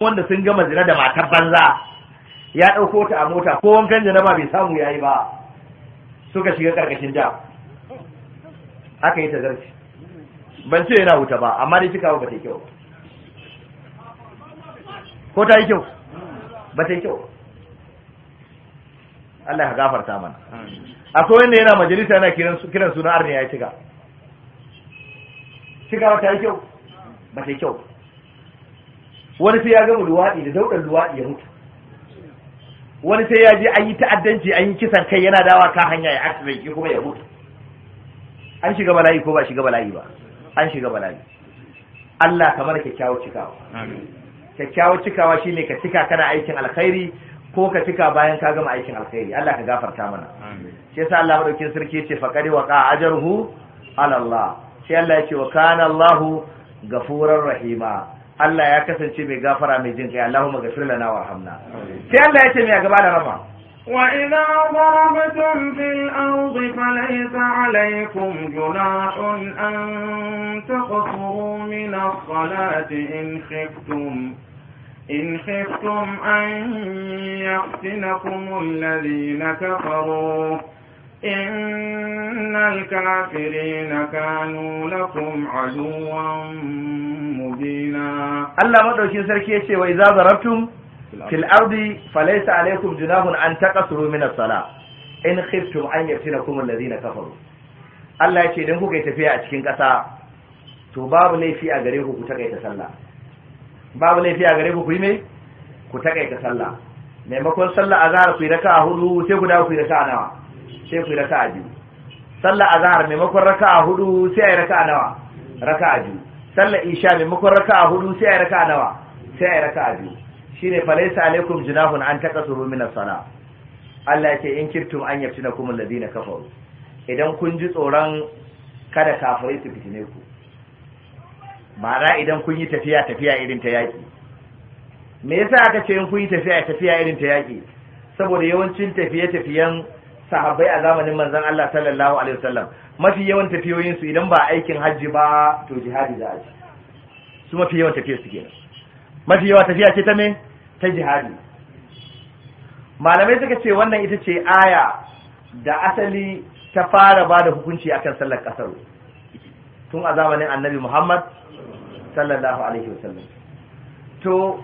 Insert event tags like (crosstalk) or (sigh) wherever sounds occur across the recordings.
wanda sun gama zina da matar banza ya ɗauko ta a mota ko wankan janaba bai samu ya yi ba suka shiga ƙarƙashin jam aka yi ta zarci ban ce yana wuta ba amma dai cikawa ba ta yi kyau ko ta yi kyau ba ta yi kyau Allah ya gafarta mana akwai wanda yana majalisa yana kiran suna arni ya yi cika cikawa ta yi kyau ba ta yi kyau wani sai ya gama luwaɗi da dauɗar luwaɗi ya mutu wani sai ya je an yi ta'addanci an yi kisan kai yana dawa ka hanya ya aka ki kuma ya mutu an shiga bala'i ko ba shiga bala'i ba an shiga bala'i Allah kamar kyakkyawar cikawa kyakkyawar cikawa shine ka cika kana aikin alkhairi ko ka cika bayan ka gama aikin alkhairi Allah ka gafarta mana shi yasa Allah madaukin sarki ce faqad waqa ajruhu ala Allah sai Allah ya ce wa kana Allahu gafurar rahima Allah ya kasance mai gafara mai jin kai Allahumma ghafir lana warhamna sai Allah ya ce mai gaba da rama وإذا ضربتم في الأرض فليس عليكم جناح أن تقصروا من الصلاة إن خفتم إن خفتم أن يفتنكم الذين كفروا إن الكافرين كانوا لكم عدوا مبينا الله مدوكين سركي يشي وإذا ضربتم في الأرض فليس عليكم جناح أن تقصروا من الصلاة in خفتم an yaftinakum الذين كفروا Allah ya ce don kuka yi tafiya a cikin ƙasa to babu laifi a gare ku ku takaita sallah babu laifi a gare ku ku yi me ku takaita sallah maimakon sallah azhar ku yi a hudu sai guda dawo ku yi a nawa sai ku raka'a biyu sallar azhar maimakon raka'a hudu sai ayi raka'a nawa raka'a biyu sallar isha maimakon raka'a hudu sai ayi raka'a nawa sai raka raka'a biyu shine falaysa alaikum junahun an takasuru min as-sala Allah yake in kirtum an ladi alladhina kafaru idan kun ji tsoron kada kafirai su fitine ku ma'ana idan kun yi tafiya tafiya irin ta yaki me yasa aka ce in kun yi tafiya tafiya irin ta yaki saboda yawancin tafiye-tafiyen sahabbai a zamanin manzon Allah sallallahu alaihi wasallam mafi yawan tafiyoyin su idan ba aikin hajji ba to jihadi za a ci su mafi yawan tafiyar su kenan mafi yawa tafiya ce ta me ta jihadi malamai suka ce wannan ita ce aya da asali ta fara ba da hukunci akan sallar kasar tun a zamanin annabi Muhammad sallallahu alaihi wasallam to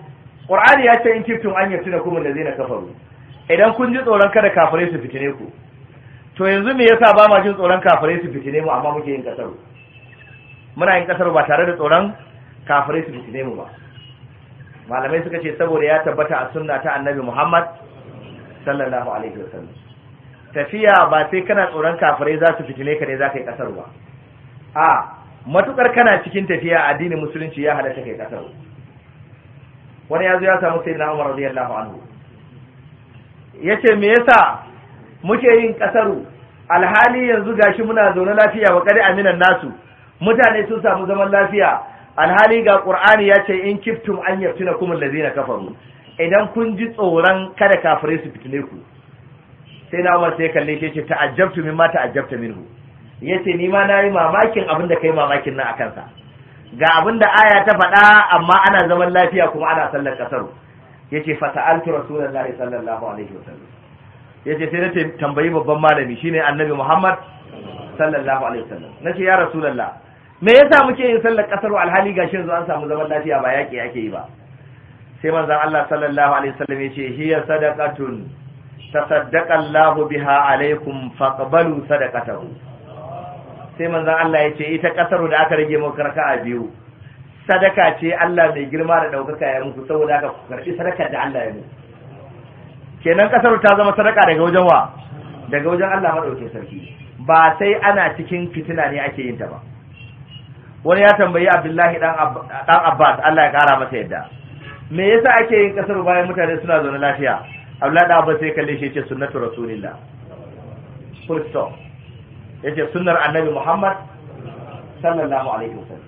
qur'ani ya ce in kiftum an yaftinakum allazina kafaru idan kun ji tsoron kada kafirai su fitine ku to yanzu me yasa ba ma jin tsoron kafirai su fitine mu amma muke yin kasar muna yin kasar ba tare da tsoron kafirai su fitine mu ba malamai suka ce saboda ya tabbata a sunna ta annabi Muhammad sallallahu alaihi wasallam tafiya ba sai kana tsoron kafirai za su fitine ka ne za ka yi kasar ba a matukar kana cikin tafiya addinin musulunci ya halatta kai kasar wani ya zo ya samu sayyidina Umar radiyallahu anhu Ya ce me yasa muke yin kasaru alhali yanzu gashi muna zaune lafiya wa kari aminan nasu mutane sun samu zaman lafiya alhali ga qur'ani ya ce in kiftum an yaftinakum allazina kafaru idan kun ji tsoron kada kafirai su fitine ku sai na umar sai kalle ke ce ta'ajjabtu ma ta'ajjabta minhu yace ni ma nayi mamakin abin da kai mamakin nan akan sa ga abin da aya ta faɗa amma ana zaman lafiya kuma ana sallar kasaru yace fata'altu rasulullahi sallallahu alaihi wasallam yace sai nace tambayi babban malami shine annabi Muhammad sallallahu alaihi wasallam nace ya rasulullah me yasa muke yin sallar kasar alhali gashi yanzu an samu zaman lafiya ba yaki yake yi ba sai manzon Allah sallallahu alaihi wasallam yace hiya sadaqatun tasaddaqa Allahu biha alaikum faqbalu sadaqatahu sai manzon Allah yace ita kasar da aka rage maka raka'a biyu sadaka ce Allah mai girma da ɗaukaka ya muku saboda haka karfi sadaka da Allah ya muku kenan kasar ta zama sadaka daga wajen wa daga wajen Allah maɗauke sarki ba sai ana cikin fitina ne ake yin ta ba wani ya tambayi Abdullahi dan Abbas Allah ya kara masa yadda me yasa ake yin kasar bayan mutane suna zaune lafiya Abdullahi dan Abbas sai kalle shi yace sunnatu rasulillah full stop yace sunnar annabi Muhammad sallallahu alaihi wasallam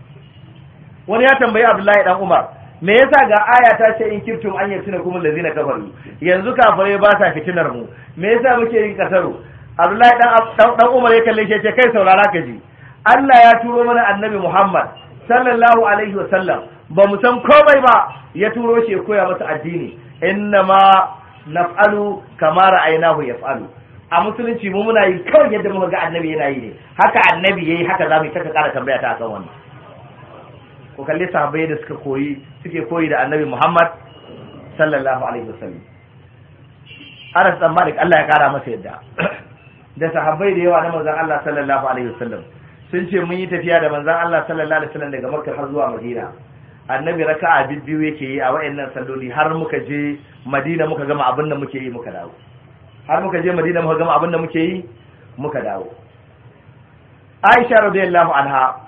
wani ya tambayi abdullahi dan umar me yasa ga aya ta ce in kirtum an tuna kuma lazina kafaru yanzu kafare ba sa fitinar mu me yasa muke yin kasaro abdullahi dan umar ya kalle shi ce kai saurara ka ji Allah ya turo mana annabi Muhammad sallallahu alaihi wasallam ba mu san komai ba ya turo shi ya koya masa addini inna ma naf'alu kama ra'aynahu yaf'alu a musulunci mu muna yi kawai yadda muka ga annabi yana yi ne haka annabi yayi haka zamu ta kara tambaya ta akan wannan ko kalli sahabbai da suka koyi suke koyi da annabi Muhammad sallallahu alaihi wasallam Anas dan Malik Allah ya kara masa yadda (clears throat) da sahabbai da yawa na manzon Allah sallallahu alaihi wasallam sun ce mun yi tafiya da manzon Allah sallallahu alaihi wasallam daga Makka har zuwa Madina annabi raka'a biyu yake yi a wayannan salloli har muka je Madina muka gama abin da muke yi muka dawo har muka je Madina muka gama abin da muke yi muka dawo Aisha radiyallahu anha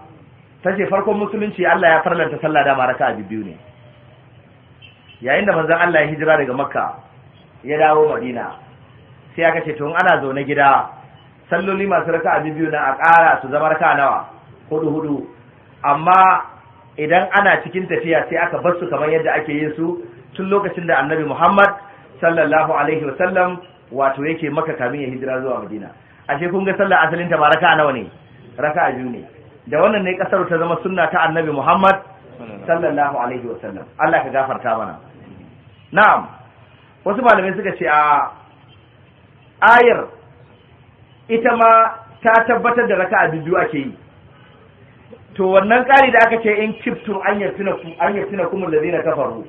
ce farkon musulunci Allah ya farlanta sallah da maraka a biyu ne yayin da manzon Allah ya hijira daga makka ya dawo madina sai aka ce tun in ana zaune gida salloli masu raka a biyu na a ƙara su zama raka nawa hudu hudu amma idan ana cikin tafiya sai aka bar su kamar yadda ake yin su tun lokacin da annabi muhammad sallallahu alaihi wasallam wato yake maka kamin ya hijira zuwa madina ashe kun ga sallar asalin ta ba nawa ne raka biyu ne da wannan ne kasar ta zama sunna ta annabi Muhammad sallallahu alaihi wasallam Allah ka gafarta mana na'am wasu malamai suka ce a ayar ita ma ta tabbatar da raka'a biyu ake yi to wannan kari da aka ce in kiftum an yartuna ku an yartuna kum ladina kafaru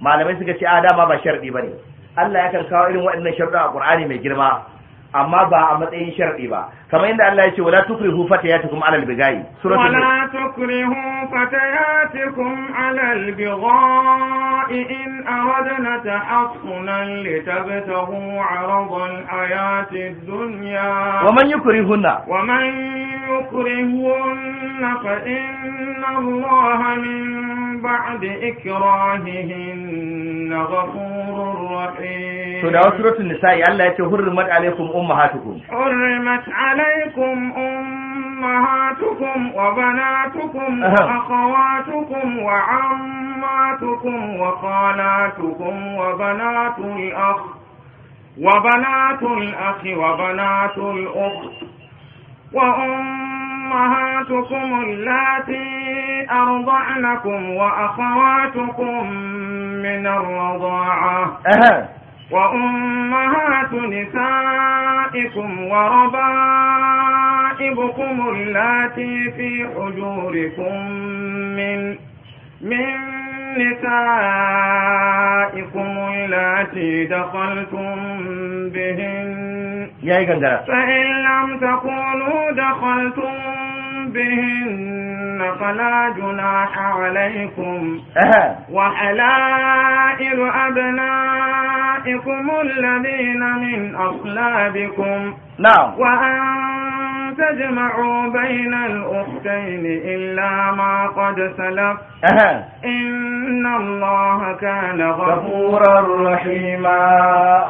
malamai suka ce a dama ba sharadi bane Allah yakan kawo irin waɗannan sharuɗa a Qur'ani mai girma amma ba a matsayin sharɗi ba kamar yadda Allah ya ce wala tukrihu fatayatikum alal bigai suratul wala tukrihu fatayatikum alal bigai in awadna ta'assunan litabtahu 'aradan ayati dunya wa man yukrihunna wa man yukrihunna fa inna Allah min بعد إكراههن غفور رحيم سورة سورة النساء الله يتي حرمت عليكم أمهاتكم حرمت عليكم أمهاتكم وبناتكم وأخواتكم وعماتكم وخالاتكم وبنات الأخ وبنات الأخ وبنات الأخت وأم أمهاتكم اللاتي أرضعنكم وأخواتكم من الرضاعة أه. وأمهات نسائكم وربائبكم اللاتي في حجوركم من من نسائكم التي دخلتم بهن فإن لم تكونوا دخلتم بهن فلا جناح عليكم وحلائل أبنائكم الذين من أصلابكم نعم وأن تجمعوا بين الأختين إلا ما قد سلف إن الله كان غفورا رحيما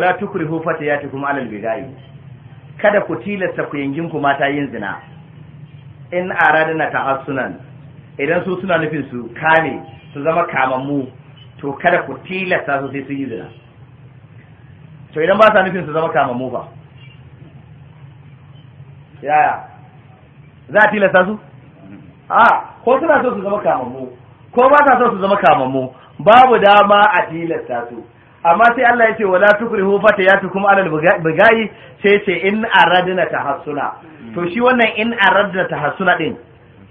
لا تكرهوا فتياتكم على البداية kada ku tilasta ku yankin ku mata yin zina in na tahassunan idan su suna nufin su kame su zama kamammu to kada ku tilasta su sai sun yi zina to idan ba sa nufin su zama kamammu ba yaya za a tilasta su a ko suna so su zama kamammu ko ba sa so su zama kamammu babu dama a tilasta su amma sai Allah ya ce wala tukrihu fatayatu kuma alal bugayi sai ce in aradna tahassuna to shi wannan in aradna tahassuna din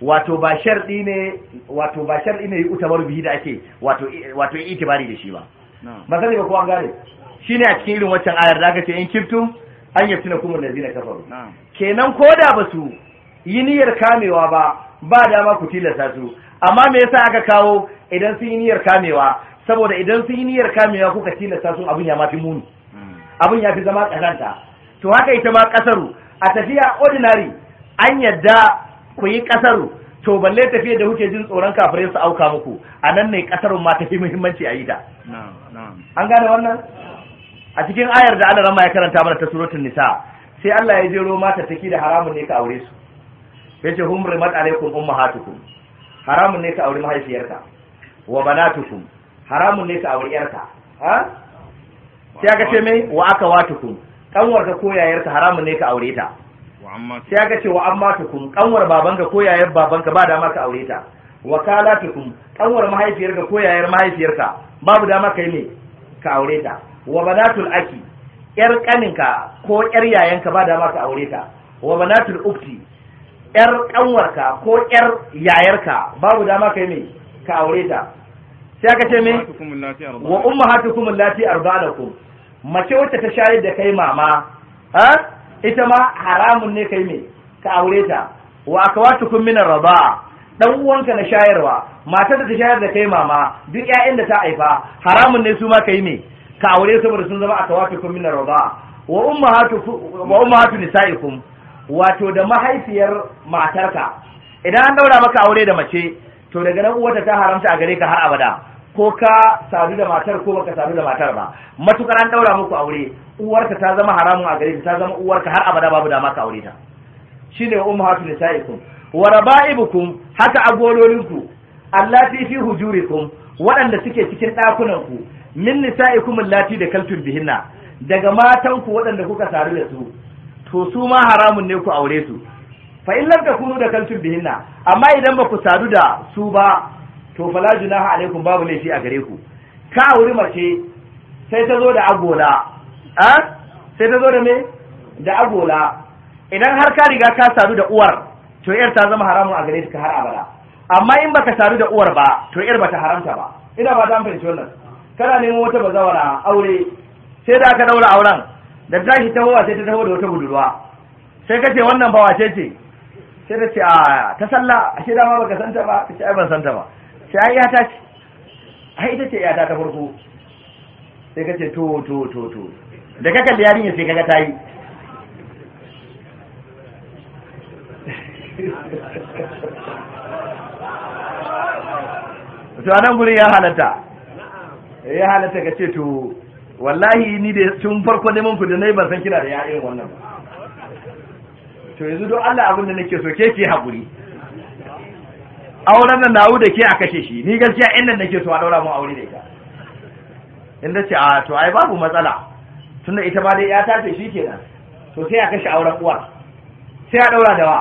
wato ba sharɗi ne wato ba sharɗi ne utamar bihi da ake wato wato itibari da shi ba masali ba ko an gane shine a cikin irin waccan ayar da aka ce in kiftum an yaftina kumul ladina kafaru kenan koda ba su yi niyyar kamewa ba ba dama ku tilasta su amma me yasa aka kawo idan sun yi niyyar kamewa saboda idan sun yi niyyar kamewa kuka tilasta sun abin ya mafi muni abin ya fi zama kazanta to haka ita ma kasaru a tafiya ordinary an yadda ku yi kasaru to balle tafiya da kuke jin tsoron kafirai su auka muku a nan ne kasarun ma tafi muhimmanci a yi ta an gane wannan a cikin ayar da Allah ya karanta mana ta suratul nisa sai Allah ya jero mata take da haramun ne ka aure su yace hum rimat alaikum ummahatukum haramun ne ka aure mahaifiyarka wa banatukum haramun ne ka auri yarka ha sai aka ce mai wa aka kun kanwar ka ko yayarka haramun ne ka aure ta sai aka ce wa amma kun kanwar ka ko yayar ka ba dama ka aure ta wa kala ta kun kanwar ka ko yayar ka babu dama kai ne ka aure ta wa banatul aki yar ka ko yar yayanka ba dama ka aure ta wa banatul ukti yar ka ko yar yayarka babu dama kai ne ka aure ta sai aka ce mai wa lati allati ku mace wacce ta shayar da kai mama ha ita ma haramun ne kai mai ka aure ta wa kun min arba'a dan uwanka na shayarwa matar da ta shayar da kai mama duk ƴaƴan da ta haifa haramun ne su ma kai mai ka aure saboda sun zama akwatukum min arba'a wa hatu wa ummahatu nisaikum wato da mahaifiyar matarka idan an daura maka aure da mace to daga nan uwarta ta haramta a gare ka har abada ko ka sadu da matar ko baka sadu da matar ba matukar an daura muku aure uwarka ta zama haramun a gare ta zama uwarka har abada babu dama ka aure ta shine ummahatu nisaikum wa raba'ibukum haka agololinku allati fi hujurikum waɗanda suke cikin ɗakunanku min nisa'ikum allati da kaltun bihinna daga matanku waɗanda kuka sadu da su to su ma haramun ne ku aure su fa in lam takunu da kaltun bihinna amma idan ba ku sadu da su ba to fala junaha alaikum babu laifi a gare ku ka wuri mace sai ta zo da agola a sai ta zo da me da agola idan har ka riga ka sadu da uwar to yar ta zama haramun a gare ka har abada amma in baka sadu da uwar ba to yar bata haramta ba ina ba ta fahimci wannan kana neman wata bazawara aure sai da aka daura auren da tashi hawa sai ta taho da wata budurwa sai kace wannan ba wace ce sai ta ce a ah, ta sallah ashe dama baka santa ba ta ce ai ban santa ba sai ya ta ce ai ita ce ya ta farko sai ka ce to to to to da ka kalli yarinya sai kaga ta yi to anan gurin ya halatta eh, ya halatta ka ce to wallahi ni da tun farko neman ku da nayi ban san kina da yayin wannan to yanzu don Allah abin da nake so ke ki haƙuri auren nan nawu da ke a kashe shi ni gaskiya in nan nake so a daura mun aure da ita in da ce a to ai babu matsala tunda ita ba dai ya tace shi kenan to sai a kashe auren uwar sai a daura da wa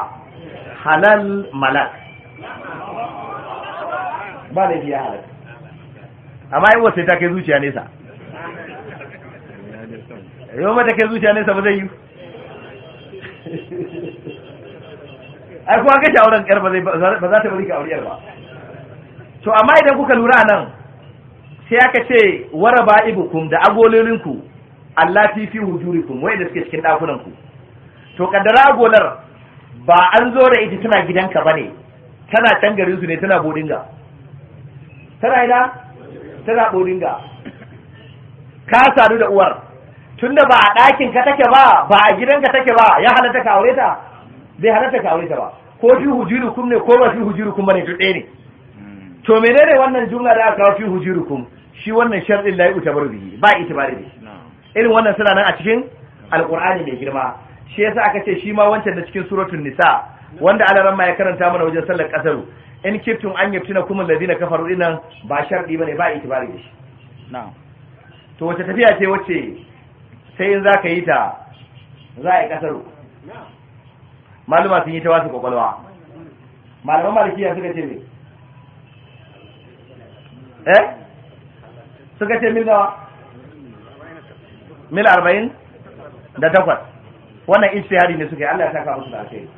halal malak ba da biya halal amma in wasu ta kai zuciya nesa yau mata kai zuciya nesa ba zai yi ai kuma kashe auren yar ba za ta bari ka auriyar ba to amma idan kuka lura nan sai aka ce ba ibukum da agololinku Allah fi wujurikum wai da suke cikin dakunan ku to kaddara agolar ba an zo da ita tana gidanka bane tana can garin su ne tana bodinga tana ina tana bodinga ka sadu da uwar tunda ba a ɗakin ka take ba ba a gidanka take ba ya halatta ka aure ta bai halatta ka aure ta ba ko fi hujiru kum ne ko ba fi hujiru kum bane to ɗaya ne to menene wannan jumla da aka kawo fi kum shi wannan shar'in uta yu'tabaru biyi ba itibari irin wannan suna nan a cikin alƙur'ani mai girma shi yasa aka ce shi ma wancan da cikin suratun nisa wanda alaran ma ya karanta mana wajen sallar kasaru in kiftum an yaftina kuma ladina kafaru dinan ba sharɗi bane ba itibari da shi to wace tafiya ce wacce sai in za ka yi ta za a yi kasaru maluma sun yi ta wasu kwakwalwa malaman malikiya suka ce me eh suka ce mil gawa mil arba'in da takwas wannan hari ne suka yi Allah ya saka musu da alheri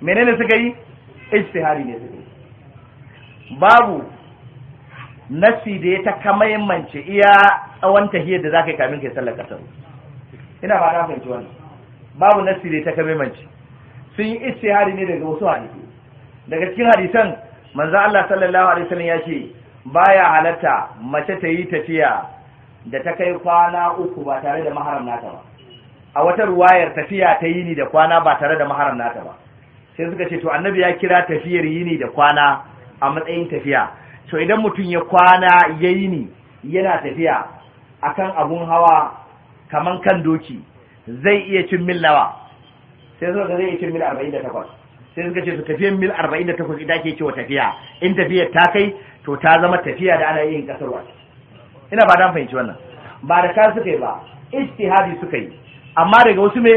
menene suka yi hari ne suka yi babu nasi da ya ta kamaimance iya tsawon tahiyar da zaka yi kamin yi sallar kasar ina ba na fahimci wannan babu nasi da ya ta kamaimance sun yi istihari ne daga wasu hadisi daga cikin hadisan manzo Allah sallallahu alaihi wasallam ya ce baya halatta mace ta yi tafiya da ta kai kwana uku ba tare da maharam nata ba a wata ruwayar tafiya ta yini da kwana ba tare da maharam nata ba sai suka ce to annabi ya kira tafiyar yini da kwana a matsayin tafiya to idan mutum ya kwana ya ni yana tafiya akan abun hawa kaman kan doki zai iya cin millawa sai zo da zai ce mil 48 sai suka ce su tafiyan mil 48 idan ke cewa tafiya in tafiyar ta kai to ta zama tafiya da ana yin kasar kasarwa ina ba dan fahimci wannan ba da kan suka yi ba ijtihadi suka yi amma daga wasu me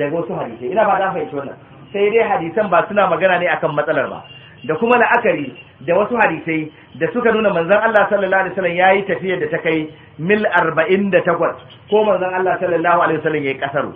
daga wasu hadisi ina ba dan fahimci wannan sai dai hadisan ba suna magana ne akan matsalar ba da kuma la'akari da wasu hadisai da suka nuna manzon Allah sallallahu alaihi wasallam yayi tafiyar da ta kai mil 48 ko manzon Allah sallallahu alaihi wasallam yayi kasaru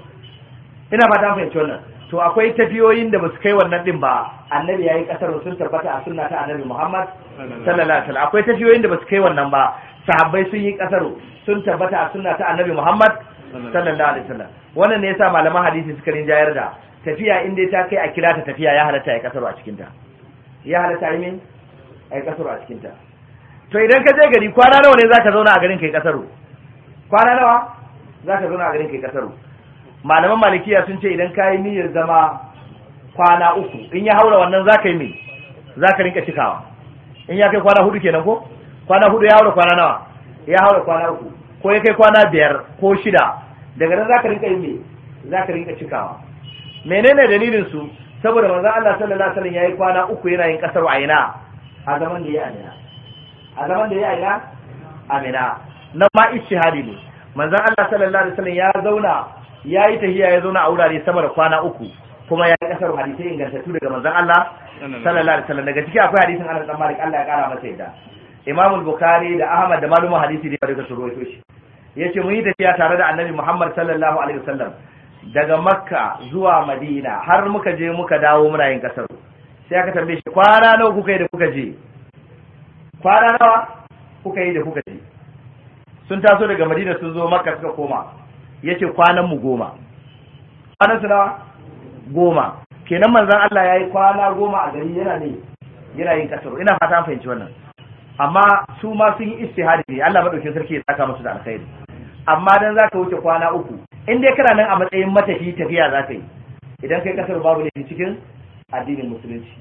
ina ba ta fahimci wannan to akwai tafiyoyin da basu kai wannan din ba annabi yayi kasar sun tabbata a sunna ta annabi Muhammad sallallahu alaihi wasallam akwai tafiyoyin da basu kai wannan ba sahabbai sun yi kasar sun tabbata a sunna ta annabi Muhammad sallallahu alaihi wasallam wannan ne yasa malaman hadisi suka rinjayar da tafiya in dai ta kai a kira ta tafiya ya halatta ya kasar a cikin ta ya halatta yi min yi kasar a cikin ta to idan ka je gari kwana nawa ne zaka zauna a garin kai kasaro kwana nawa zaka zauna a garin kai kasaro malaman malikiya sun ce idan kayi niyyar zama kwana uku in ya haura wannan za ka yi mai za ka rinka cikawa in ya kai kwana hudu kenan ko kwana hudu ya haura kwana nawa ya haura kwana uku ko ya kai kwana biyar ko shida daga nan za ka rinka yi mai za ka rinka cikawa menene dalilin su saboda manzon Allah sallallahu alaihi wasallam yayi kwana uku yana yin kasar aina a zaman da ya aina a zaman da ya aina amina nan ma ishihadi ne manzon Allah sallallahu alaihi wasallam ya zauna ya yi tahiya ya zauna a wurare sama da kwana uku kuma ya yi kasar hadisai ingantattu daga manzon Allah sallallahu alaihi wasallam daga ciki akwai hadisin Anas dan Malik Allah ya kara masa yadda Imam Bukhari da Ahmad da malumin hadisi da daga surwaito shi yace mun yi tafiya tare da Annabi Muhammad sallallahu alaihi wasallam daga Makka zuwa Madina har muka je muka dawo muna yin kasar sai aka tambaye shi kwana nawa kuka yi da kuka je kwana nawa kuka yi da kuka je sun taso daga Madina sun zo Makka suka koma Ya kwanan mu goma kwanan su goma kenan manzan Allah ya yi kwana goma a gari yana ne yana yin kasaro ina fata an fahimci wannan amma su ma sun yi istihadi ne Allah madaukin sarki ya saka musu da alkhairi amma dan ka wuce kwana uku in dai kana nan a matsayin matafi tafiya za ka yi idan kai kasar babu ne cikin addinin musulunci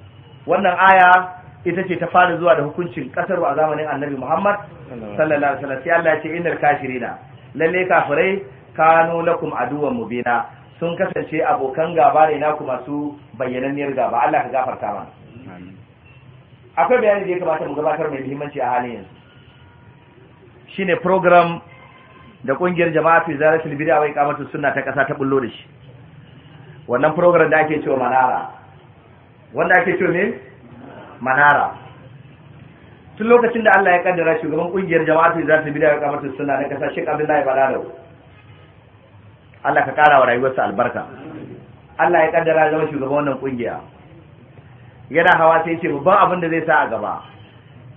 wannan aya ita ce ta fara zuwa da hukuncin kasar a zamanin annabi Muhammad sallallahu alaihi wasallam sai Allah ya ce innal kafirina lalle kafirai kanu lakum aduwwan mubina sun kasance abokan gaba ne naku masu bayyananniyar gaba Allah ka gafarta mana akwai bayani da ya kamata mu gabatar mai muhimmanci a halin yanzu shine program da kungiyar jama'a fi zaratul bid'a wai kamatu sunna ta kasa ta bullo da shi wannan program da ake cewa manara wanda ake cewa ne manara tun lokacin da Allah ya kaddara shugaban kungiyar jama'a fi zaratul bid'a wai kamata sunna na kasa Sheikh Abdullahi Balalau Allah ka kara wa rayuwarsa albarka Allah ya kaddara zama shugaban wannan kungiya yana hawa sai ce babban abin da zai sa a gaba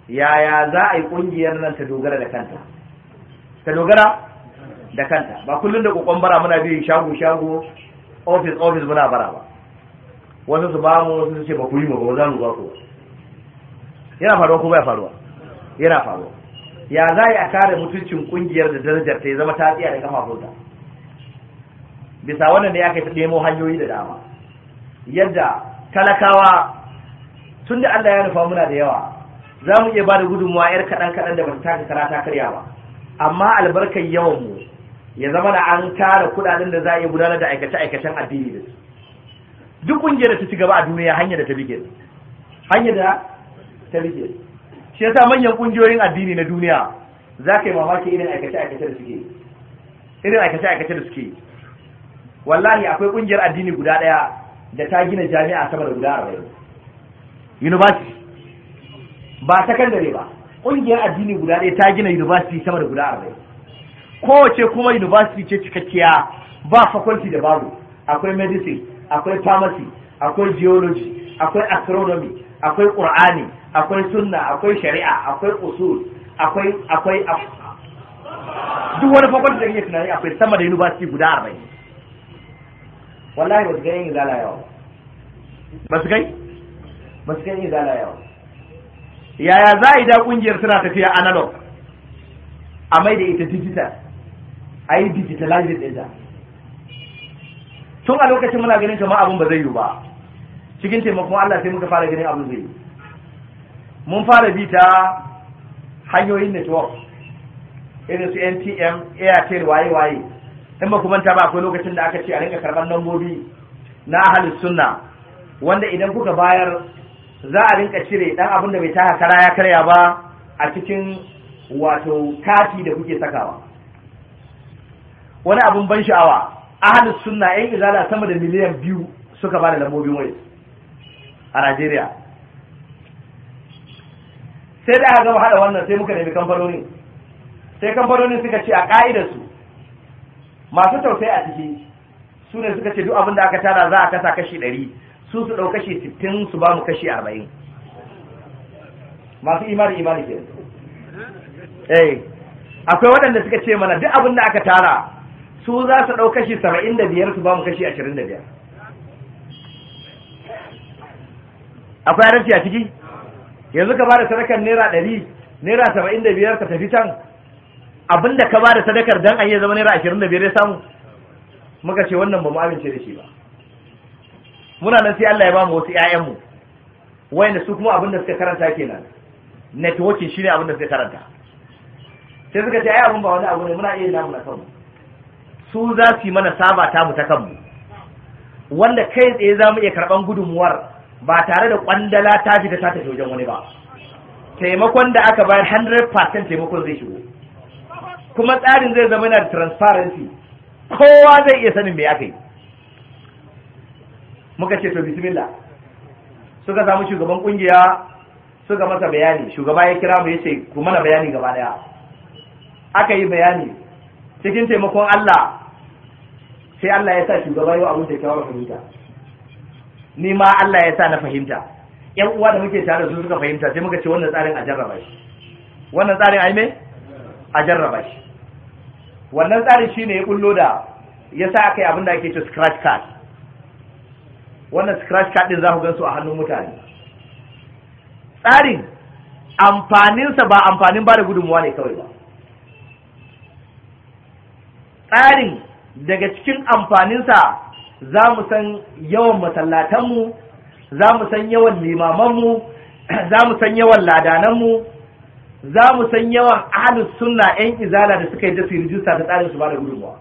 yaya za a yi kungiyar nan ta dogara da kanta ta dogara da kanta ba kullum da kokon bara muna biyu shago shago office office muna bara ba wasu su ba mu wasu su ce ba ku yi mu ba za mu ba ku yana faruwa ko baya faruwa yana faruwa ya za a kare mutuncin kungiyar da darajar ta yi zama ta tsaya da kafafunta bisa wannan ne aka ta nemo hanyoyi da dama yadda talakawa tunda Allah ya nufa muna da yawa za mu iya ba da gudunmuwa yar kaɗan kaɗan da ba ta karata karya ba amma albarkar yawan mu ya zama da an tara kuɗaɗen da za a iya gudanar da aikace aikacen addini da su duk ƙungiyar da ta ci gaba a duniya hanyar da ta bige hanyar da ta bige shi yasa manyan ƙungiyoyin addini na duniya za ka yi mamaki irin aikace aikace da suke wallahi akwai kungiyar addini guda daya da ta gina jami'a sama da guda arba'in university ba sakandare ba kungiyar addini guda daya ta gina university sama da guda arba'in kowace kuma university ce cikakkiya ba faculty da babu akwai medicine akwai pharmacy akwai geology akwai astronomy akwai qur'ani akwai sunna akwai shari'a akwai usul akwai akwai duk wani faculty da yake tunani akwai sama da university guda arba'in wallahi ba su yin zala yawa ba su gani ba su yin zala yawa yaya za a yi da kungiyar suna tafiya analog a mai da ita digital a yi digitalizing ta. tun a lokacin muna ganin kamar abin ba zai yiwu ba cikin taimakon Allah sai muka fara ganin abin zai yi. mun fara bi ta hanyoyin network irin su NTM Airtel waye waye in ba ku manta ba akwai lokacin da aka ce a rinka karɓar lambobi na ahalin sunna wanda idan kuka bayar za a rinka cire dan abin da bai taka kara ya karya ba a cikin wato kati da kuke sakawa wani abin ban sha'awa ahalin sunna yan izala sama da miliyan biyu suka ba da lambobin wai a Najeriya sai da aka gama hada wannan sai muka nemi kamfanonin sai kamfanonin suka ce a ka'idar su masu tausayi a ciki su ne suka ce duk abin da aka tara za a kasa kashi ɗari su su ɗau kashi sittin su ba mu kashi arba'in masu imani imani ke eh akwai waɗanda suka ce mana duk abin da aka tara su za su ɗau kashi saba'in da biyar su ba mu kashi ashirin da biyar akwai haramci a ciki yanzu ka ba da sadakar naira ɗari naira saba'in da biyar ka tafi can Abin da ka bada sadakar dan an yi zama naira ashirin da biyar ya samu muka ce wannan ba mu amince da shi ba muna nan sai Allah ya ba mu wasu ƴaƴanmu wayanda su kuma abin da suka karanta kenan ne abin da suka karanta sai suka ce ai abin ba wani abu ne muna iya namu na kanmu su za su yi mana saba ta mu ta kanmu wanda kai tsaye za mu iya karɓan gudunmuwar ba tare da kwandala ta fita ta tafi wajen wani ba taimakon da aka bayar 100% taimakon zai shigo kuma tsarin zai zama yana da transparency kowa zai iya sanin me aka yi muka ce to bismillah suka samu shugaban kungiya suka masa bayani shugaba ya kira mu ya ce ku mana bayani gaba daya aka yi bayani cikin taimakon Allah sai Allah ya sa shugaba yau abin kyakkyawar fahimta ni ma Allah ya sa na fahimta yan uwa da muke tare su suka fahimta sai muka ce wannan tsarin a jarraba shi wannan tsarin ai me a jarraba shi wannan tsarin shi ne ya kullo da ya sa aka yi abin da ake ce scratch card wannan scratch card din za ku gan su a hannun mutane tsarin amfaninsa ba amfanin ba da gudunmuwa ne kawai ba tsarin daga cikin amfaninsa za mu san yawan masallatanmu za mu san yawan limamanmu (clears throat) za mu san yawan ladananmu za mu san yawan ahalus sunna yan izala da suka yi da su rijista da tsarin su ba da gudunmuwa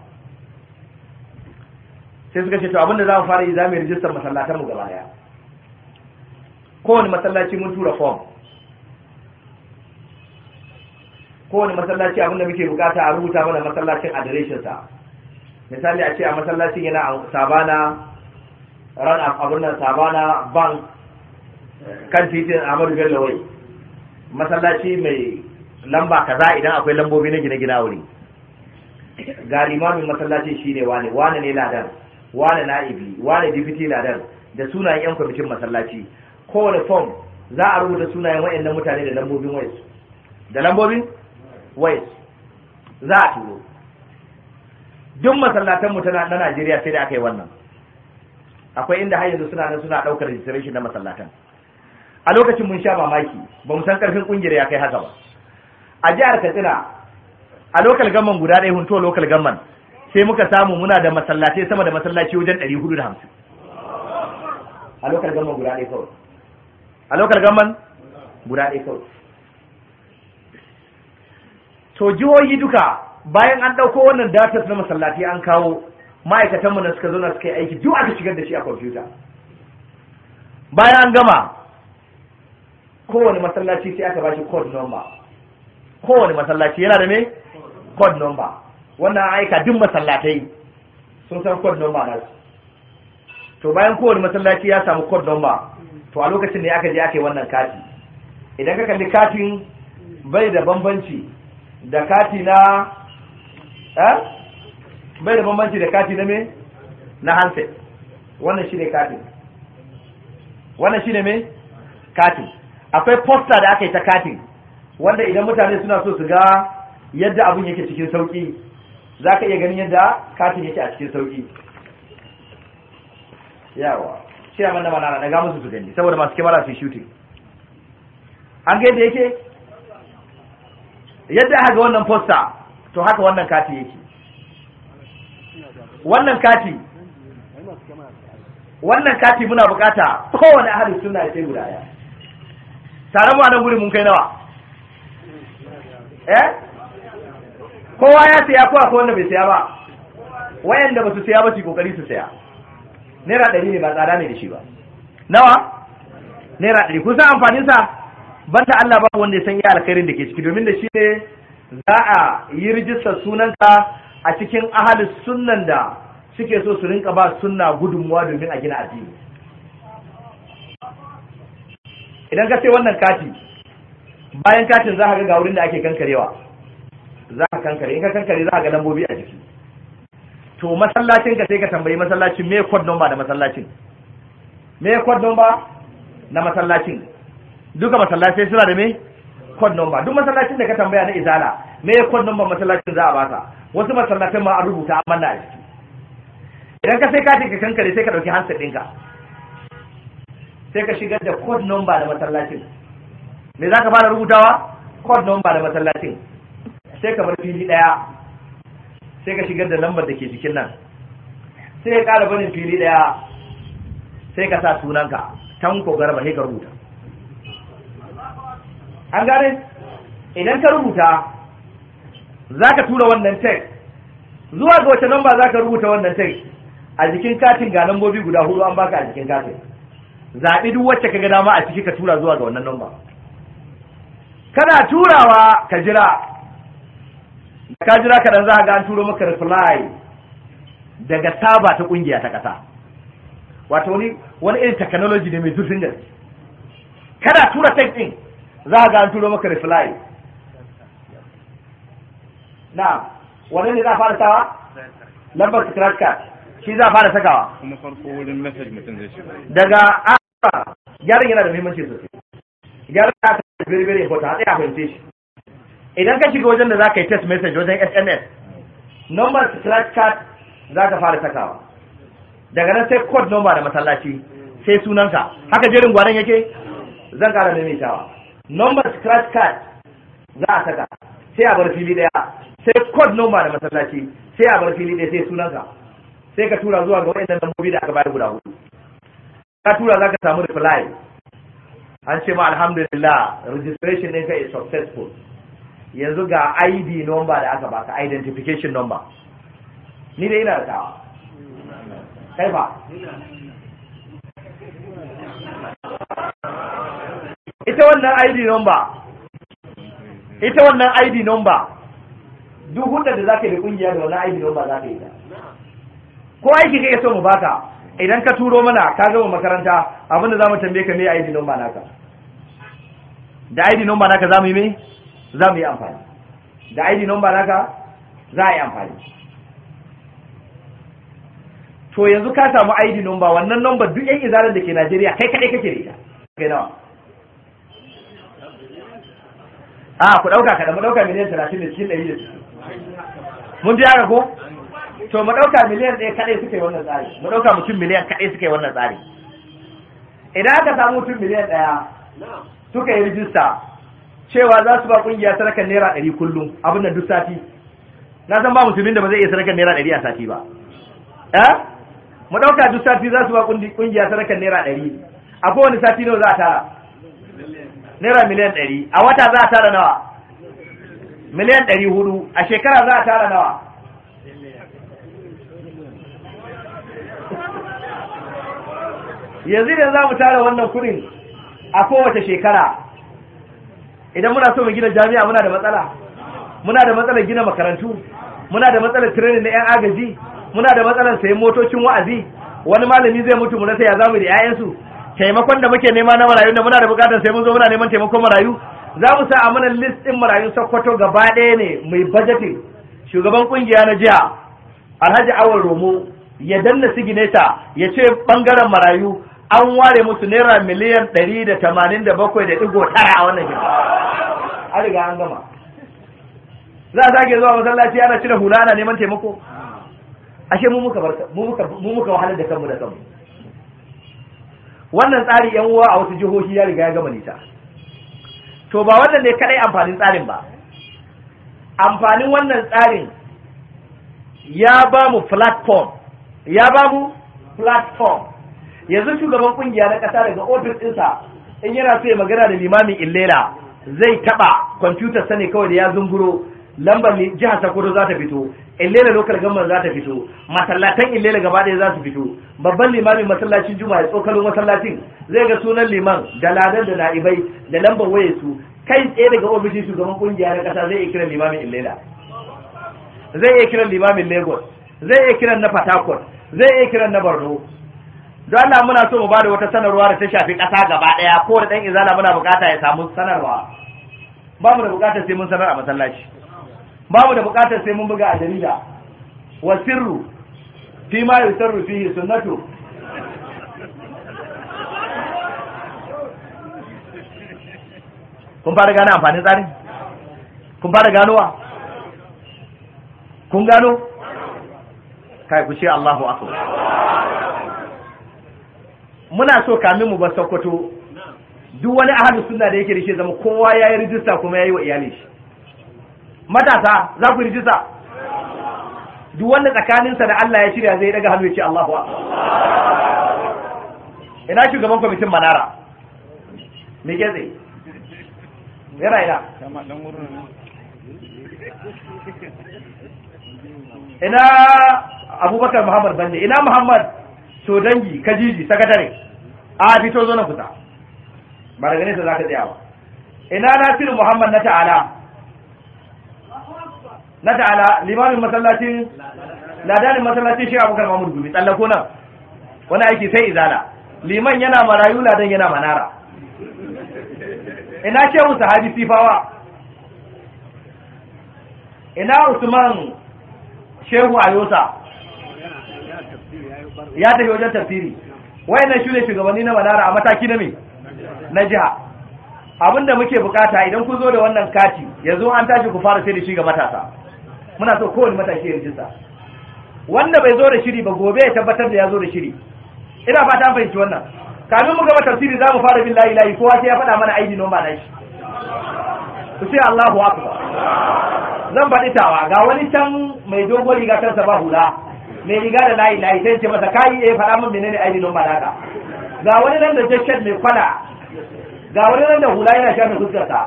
sai suka ce to abinda za mu fara yi za mu yi rijistar masallatar mu gaba ya kowane masallaci mun tura form kowane masallaci abinda muke bukata a rubuta mana masallacin adireshinsa misali a ce a masallacin yana a sabana ran abin nan sabana bank kan titin amadu bello wai masallaci mai lamba kaza idan akwai lambobi na gine gina a wuri ga limamin masallacin shine wane wane ne ladan wane na'ibi wane dipiti ladan da sunayen yan kwamitin masallaci kowane form za a rubuta sunayen wayannan mutane da lambobin wayes da lambobin wayes za a turo duk masallatan mu na Najeriya sai da aka yi wannan akwai inda har yanzu suna nan suna daukar registration na masallatan a lokacin mun sha mamaki ba mu san karfin kungiyar ya kai haka ba a jihar katsina a lokal gamman guda ɗaya hunto lokal gamman sai muka samu muna da masallatai sama da masallaci wajen ɗari da hamsin a lokal gamman guda ɗaya kawai a lokal gamman guda ɗaya kawai to jihohi duka bayan an ɗauko wannan datas na masallatai an kawo ma'aikatanmu na suka zo na suka yi aiki duk aka shigar da shi a kwamfuta bayan an gama kowane masallaci sai aka bashi code number kowane masallaci yana da me code number wannan aika duk masallatai sun san code number na to bayan kowane masallaci ya samu code number to a lokacin ne aka je aka yi wannan kati idan ka kalli katin bai da bambanci da kati na eh bai da bambanci da kati na me na handset wannan shi ne katin wannan shine me katin akwai posta da aka yi ta katin wanda idan mutane suna so su ga yadda abun yake cikin sauki za ka iya ganin yadda katin yake a cikin sauki yawa shi a manna manana daga musu su gani saboda masu kyamara su shooting an ga yadda yake yadda aka ga wannan posta to haka wannan katin yake wannan katin wannan kati muna bukata kowane ahalin suna ya sai guda ya tare mu a nan gurin mun kai nawa eh kowa ya saya ko akwai wanda bai saya ba wayanda ba su saya ba su kokari su saya naira ɗari ne ba tsada ne da shi ba nawa naira ɗari Kusa amfanin sa banda Allah ba wanda ya san ya alkhairin da ke ciki domin da shi ne za a yi rijistar sunanka a cikin ahalin sunnan da suke so su rinka ba sunna gudunmuwa domin a gina addini idan ka ce wannan kati bayan katin za ka ga ga wurin da ake kankarewa za ka kankare in ka kankare za ka ga lambobi a jiki to masallacin ka sai ka tambayi masallacin me code number da masallacin me code number na masallacin duka masallacin suna da me code number duk masallacin da ka tambaya na izala me code number masallacin za a baka wasu masallacin ma an rubuta amanna a jiki idan ka sai katin ka kankare sai ka ɗauki hansa ɗinka sai ka shigar da code number da masallacin me za ka fara rubutawa code number da masallacin sai ka bar fili daya sai ka shigar da lambar da ke jikin nan sai ka ƙara barin fili daya sai ka sa sunanka tanko garba sai ka rubuta an gane idan ka rubuta za ka tura wannan tek. zuwa ga wata lamba za ka rubuta wannan tek a jikin katin ga lambobi guda hudu an baka a jikin katin zaɓi duk wacce ka ga dama a ciki ka tura zuwa ga wannan namba kana turawa ka jira da ka jira kaɗan za a ga an turo maka reply daga saba ta ƙungiya ta ƙasa wato wani wani irin technology ne mai zurfin gaske kana tura text din za a ga an turo maka reply na wani ne za a fara sawa lambar scratch card shi za a fara sakawa kuma farko wurin message mutum zai shiga daga gyaran yana da muhimmanci sosai gyaran da aka da biri very important a tsaya fahimce shi idan ka shiga wajen da za ka yi test message wajen sms number scratch card za ka fara sakawa daga nan sai code number da masallaci sai sunanka haka jerin gwanan yake zan kara maimaitawa number scratch card za a saka sai a bar fili daya sai code number da masallaci sai a bar fili daya sai sunanka sai ka tura zuwa ga wayannan lambobi da aka bayar guda hudu ka tura za ka samu reply an ce ma alhamdulillah registration ɗinka is successful yanzu ga id number da aka baka identification number ni dai ina da tawa kai ba ita wannan id number ita wannan id number duk hudda da zaka yi da kungiya da wannan id number zaka yi ta ko aiki kake so mu baka idan ka turo mana ka gama makaranta abinda za mu tambaye ka a ID number naka da ID number naka za mu yi me za mu yi amfani da ID number naka za a yi amfani to yanzu ka samu ID number wannan number duk yan izalar da ke Najeriya kai kadai kake rika kai nawa a ah, ku dauka ka da mu dauka miliyan 30 da cikin 100 mun ji haka ko to mu ɗauka miliyan ɗaya kaɗai suka yi wannan tsari mu ɗauka mutum miliyan kaɗai suka yi wannan tsari idan aka samu mutum miliyan ɗaya suka yi rijista cewa za su ba ƙungiya sarakan naira ɗari kullum abin da duk sati na san ba musulmin da ba zai iya sarakan naira ɗari a sati ba eh mu ɗauka duk sati za su ba ƙungiya sarakan naira ɗari a kowane sati nawa za a tara naira miliyan ɗari a wata za a tara nawa miliyan ɗari hudu a shekara za a tara nawa yanzu da za mu tara wannan kudin a kowace shekara idan muna so mu gina jami'a muna da matsala muna da matsalar gina makarantu muna da matsalar training na 'yan agaji muna da matsalar sayan motocin wa'azi wani malami zai mutu mu rasa ya zamu da 'ya'yansu taimakon da muke nema na marayu da muna da bukatar sai mun zo muna neman taimakon marayu za mu sa a mana list din marayu sakkwato gaba ɗaya ne mai budgeting shugaban kungiya na jiya Alhaji Awal Romo ya danna sigineta ya ce bangaren marayu an ware musu naira miliyan ɗari da tamanin da bakwai da ɗigo tara a wannan gida an riga an gama za a zage zuwa masallaci ana cire hula ana neman taimako ashe mu muka mu muka wahalar da kanmu da kanmu wannan tsari yan uwa a wasu jihohi ya riga ya gama nisa to ba wannan ne kadai amfanin tsarin ba amfanin wannan tsarin ya ba mu platform ya ba mu platform yanzu shugaban kungiya na kasa daga ofis ɗinsa in yana so ya magana da limamin illera zai taɓa kwamfutar sani kawai da ya zunguro lambar jihar sokoto za ta fito illera local government za ta fito masallatan illela gaba ɗaya za su fito babban limamin masallacin juma'a tsokalo masallacin zai ga sunan liman da ladan da na'ibai da lambar wayar su kai tsaye daga ofishin shugaban kungiya na kasa zai iya kiran limamin illera zai iya kiran limamin lagos zai iya kiran na port zai iya kiran na borno don Allah muna so mu ba da wata sanarwa da ta shafi ƙasa gaba ɗaya ko da ɗan izala muna bukata ya samu sanarwa ba mu da bukatar sai mun sanar a masallaci ba mu da bukatar sai mun buga a jarida wa sirru fi ma yusarru fihi sunnatu kun fara gano amfanin tsarin kun fara ganowa kun gano kai ku ce Allahu akbar muna so kamin mu ba sokoto duk wani ahalus sunna da yake da shi zama kowa ya yi rijista kuma ya yi wa iyali shi matasa za ku rijista duk wanda tsakaninsa da Allah ya shirya zai daga hannu ya ce Allahu ina shugaban kwamitin manara me ke zai yana ina ina abubakar muhammad bande ina muhammad So dangi kajiji sakatare a fito zo na fita ba daga nesa za ka tsaya ba ina nasiru muhammad na ta'ala na ta'ala limamin masallacin ladanin masallacin shi abokan mamur gumi tsallako nan wani aiki sai izala liman yana marayu ladan yana manara ina shehu sahabi sifawa ina usman shehu ayosa ya tafi wajen tafsiri na shi ne shugabanni na madara a mataki na me na jiha abinda muke bukata idan ku zo da wannan kati yanzu an tashi ku fara sai da shi ga matasa muna so kowane matashi ya rijista wanda bai zo da shiri ba gobe ya tabbatar da ya zo da shiri ina fata an fahimci wannan kamin mu gama tafsiri za mu fara bin layi layi kowa sai ya faɗa mana aidi noma na shi ku sai Allahu akbar zan faɗi tawa ga wani can mai dogon riga kansa ba hula mai riga da layi layi sai ce masa kayi eh faɗa min menene ainihin don malaka ga wani nan da jacket mai kwana ga wani nan da hula yana shafe fuskarsa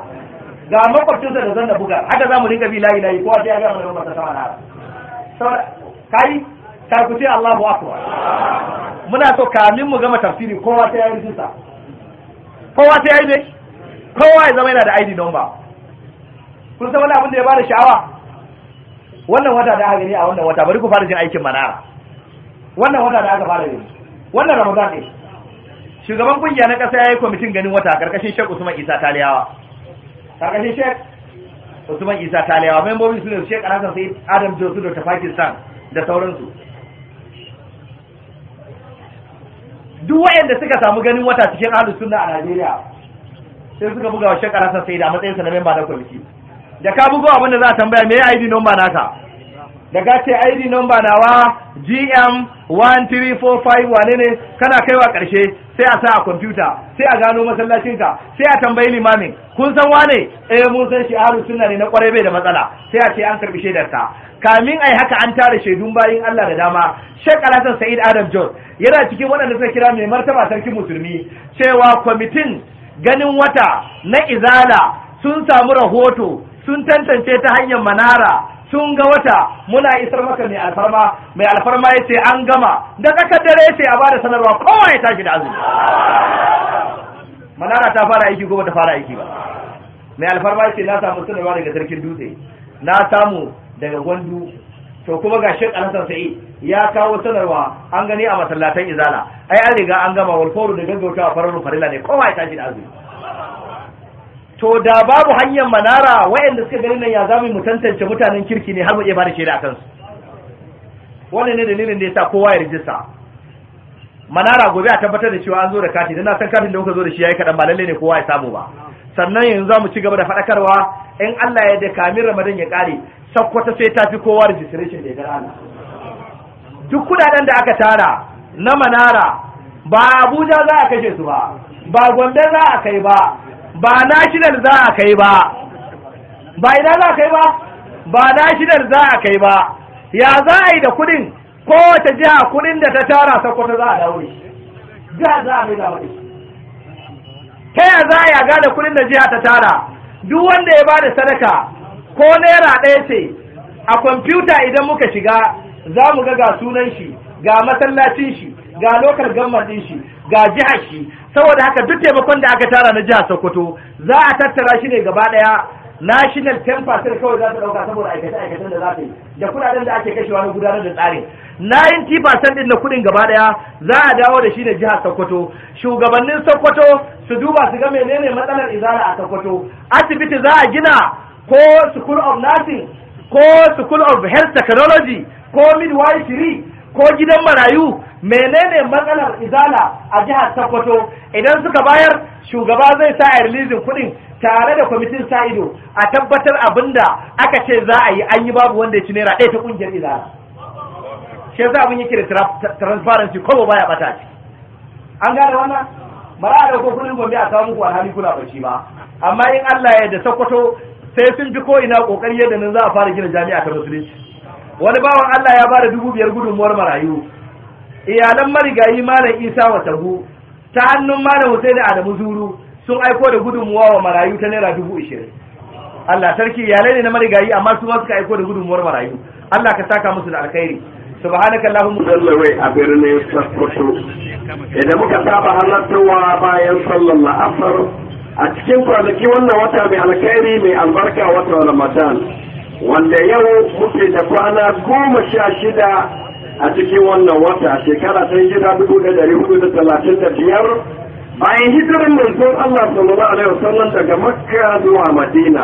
ga makwabcinsa da zan da buga haka za mu rinka bi layi layi kowa sai a gama da masa sama na kayi ka ku ce Allahu akbar muna so kamin mu gama tafsiri kowa sai ya yi kowa sai ya yi ne kowa ya zama yana da ID number kun san wani abin da ya bada sha'awa wannan wata da aka gani a wannan wata bari ku fara jin aikin mana wannan wata da aka fara gani wannan ramadan ne shugaban kungiya na kasa yayi kwamitin ganin wata karkashin Sheikh Usman Isa Taliyawa karkashin Sheikh Usman Isa Taliyawa membobin su ne Sheikh Alhassan Said Adam Josu da Pakistan da sauransu duk wayanda suka samu ganin wata cikin ahlus sunna a Najeriya sai suka buga wa Sheikh Alhassan Said a matsayin sa na memba na kwamiti da ka bugo abin da za a tambaya me ID number naka da ka ce ID number nawa GM 1345 wane ne kana kaiwa karshe sai a sa a kwamfuta sai a gano masallacinka sai a tambayi limamin kun san wane eh mun san shi ahlus sunna ne na kwarai bai da matsala sai a ce an karbi shaidar Kamin kamin ai haka an tara shaidun bayin Allah da dama Sheikh Alhassan Said Adam John yana cikin waɗanda suka kira mai martaba sarkin musulmi cewa kwamitin ganin wata na izala sun samu rahoto sun tantance ta hanyar manara sun ga wata muna isar maka mai alfarma mai alfarma ya ce an gama da tsakar dare ya ce a bada sanarwa kowa ya tashi da azumi manara ta fara aiki ko ta fara aiki ba mai alfarma ya ce na samu sanarwa daga sarkin dutse na samu daga gwandu to kuma ga shek alhassan sa'i ya kawo sanarwa an gani a masallatan izala ai an riga an gama walfaru da gaggautawa farar farilla ne kowa ya tashi da azumi to da babu hanyar manara wayanda suka gani nan ya zamu mu tantance mutanen kirki ne har mu iya bada shaida a kansu wannan ne dalilin da yasa kowa ya rijista manara gobe a tabbatar da cewa an zo da kati dan na san katin da kuka zo da shi yayi kadan ba lalle ne kowa ya samu ba sannan yanzu za mu ci gaba da faɗakarwa in Allah ya da kamin Ramadan ya ƙare sakkwata sai ta fi kowa registration da ya duk kudaden da aka tara na manara ba Abuja za a kashe su ba ba Gombe za a kai ba ba national za a kai ba ba ina za a kai ba ba national za a kai ba ya za a yi da kudin kowace jiha kudin da ta tara sakwata za a daure jiha za a mai da wani ta ya za a yaga da kudin da jiha ta tara duk wanda ya ba da sadaka ko naira ɗaya ce a kwamfuta idan muka shiga za mu ga ga sunan shi ga masallacin shi ga lokal gamman din shi ga jihar shi saboda haka duk taimakon da aka tara na jihar Sokoto za a tattara shi ne gaba daya national temperature kawai za ta dauka saboda aikace aikacen da za ta yi da kudaden da ake kashewa na gudanar da tsarin 90% din na kudin gaba daya za a dawo da shi da jihar Sokoto shugabannin Sokoto su duba su ga menene matsalar izara a Sokoto asibiti za a gina ko school of nursing ko school of health technology ko midwifery ko gidan marayu menene matsalar izala a jihar Sokoto idan suka bayar shugaba zai sa a releasing kuɗin tare da kwamitin sa ido a tabbatar abinda aka ce za a yi an yi babu wanda ya ci naira ɗaya ta kungiyar izala shi yasa abin yake da transparency ba ya bata shi an gane wannan mara da ko kudin gombe a ku muku hali kuna barci ba amma in Allah ya da Sokoto sai sun bi ko ina kokari yadda nan za a fara gina jami'a ta musulunci wani bawan Allah ya ba da dubu biyar gudunmuwar marayu iyalan marigayi malam isa wa tagu ta hannun malam husaini adamu zuru sun aiko da gudunmuwa wa marayu ta naira dubu ishirin allah sarki iyalai ne na marigayi amma su ma suka aiko da gudunmuwar marayu allah ka saka musu da alkhairi subhanaka allahumma sallawai a birnin sakkwato idan muka saba halartarwa bayan sallar la'afar, a cikin kwanaki wannan wata mai alkhairi mai albarka wata ramadan wanda yau muke da kwana goma sha shida a cikin wannan wata a shekara ta hijira dubu da dari hudu da talatin da biyar bayan hijirar manzon Allah sallallahu alaihi wasallam daga Makka zuwa Madina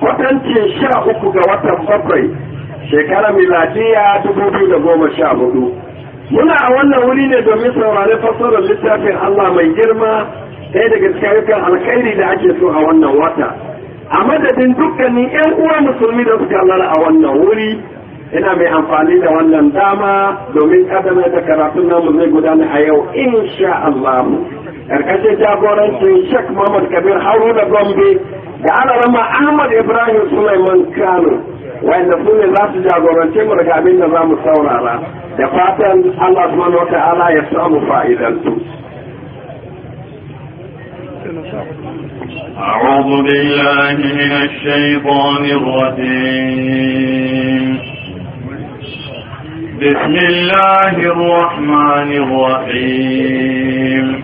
kwatance sha uku ga watan bakwai shekara miladiya dubu biyu da goma sha hudu muna a wannan wuri ne domin saurari fassarar littafin Allah mai girma ɗaya daga cikin alkhairi da ake so a wannan wata a madadin dukkanin 'yan uwa musulmi da suka lara a wannan wuri ina mai amfani da wannan dama domin kadana da karatun namu zai gudana a yau insha Allah karkashin jagorancin Sheikh Muhammad Kabir Haruna Gombe da alarama Ahmad Ibrahim Sulaiman Kano wanda su ne za su jagorance mu daga da za mu saurara da fatan Allah subhanahu wa ta'ala ya samu fa'idantu أعوذ بالله من الشيطان الرجيم بسم الله الرحمن الرحيم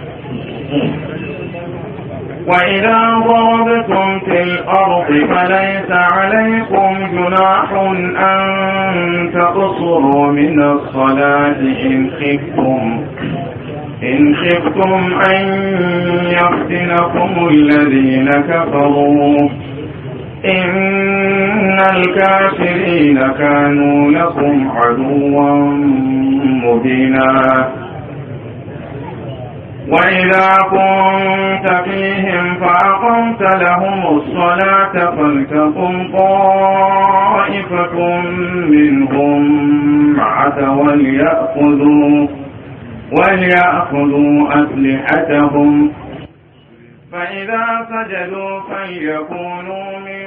وإذا ضربتم في الأرض فليس عليكم جناح أن تقصروا من الصلاة إن خفتم إن خفتم أن يفتنكم الذين كفروا إن الكافرين كانوا لكم عدوا مبينا وإذا كنت فيهم فأقمت لهم الصلاة فلتقم طائفة منهم معك وليأخذوا وليأخذوا أسلحتهم فإذا سجدوا فليكونوا من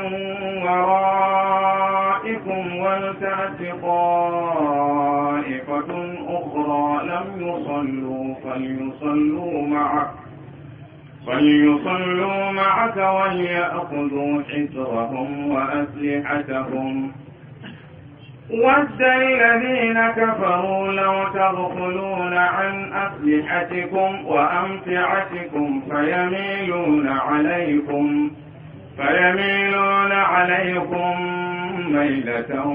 ورائكم ولتأت طائفة أخرى لم يصلوا فليصلوا معك فليصلوا معك وليأخذوا حجرهم وأسلحتهم ود الذين كفروا لو تغفلون عن أسلحتكم وأمتعتكم فيميلون عليكم فيميلون عليكم ميلة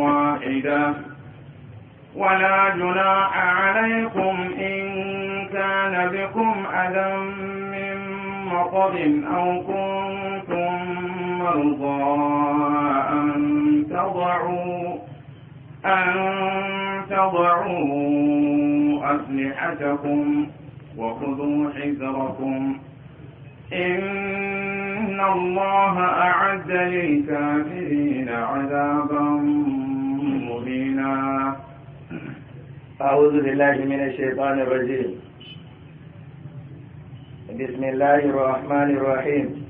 واحدة ولا جناح عليكم إن كان بكم أذى من مطر أو كنتم المرضى أن تضعوا أن تضعوا أسلحتكم وخذوا حذركم إن الله أعد للكافرين عذابا مهينا أعوذ بالله من الشيطان الرجيم بسم الله الرحمن الرحيم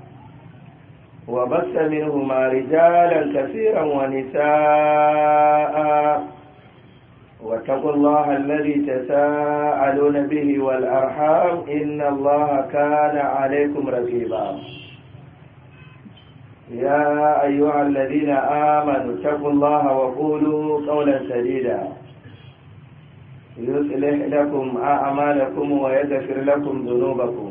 وبث منهما رجالا كثيرا ونساء واتقوا الله الذي تساءلون به والأرحام إن الله كان عليكم رقيبا يا أيها الذين آمنوا اتقوا الله وقولوا قولا سديدا يصلح لكم أعمالكم ويذكر لكم ذنوبكم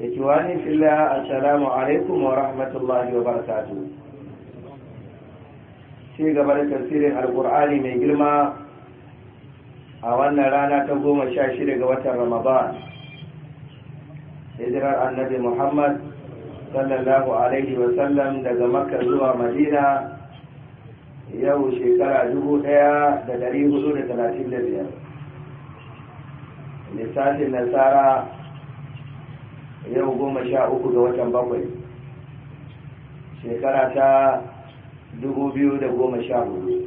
yake wani filla assalamu alaikum wa rahmatullahi wa barakatu shi gaba da tafsirin alkur'ani mai girma a wannan rana ta goma sha shida ga watan ramadan hijirar annabi muhammad sallallahu alaihi wa sallam daga makka zuwa madina yau shekara dubu ɗaya da dari hudu da talatin da biyar lissafin nasara yau goma sha uku ga watan bakwai shekara ta dubu biyu da goma sha hudu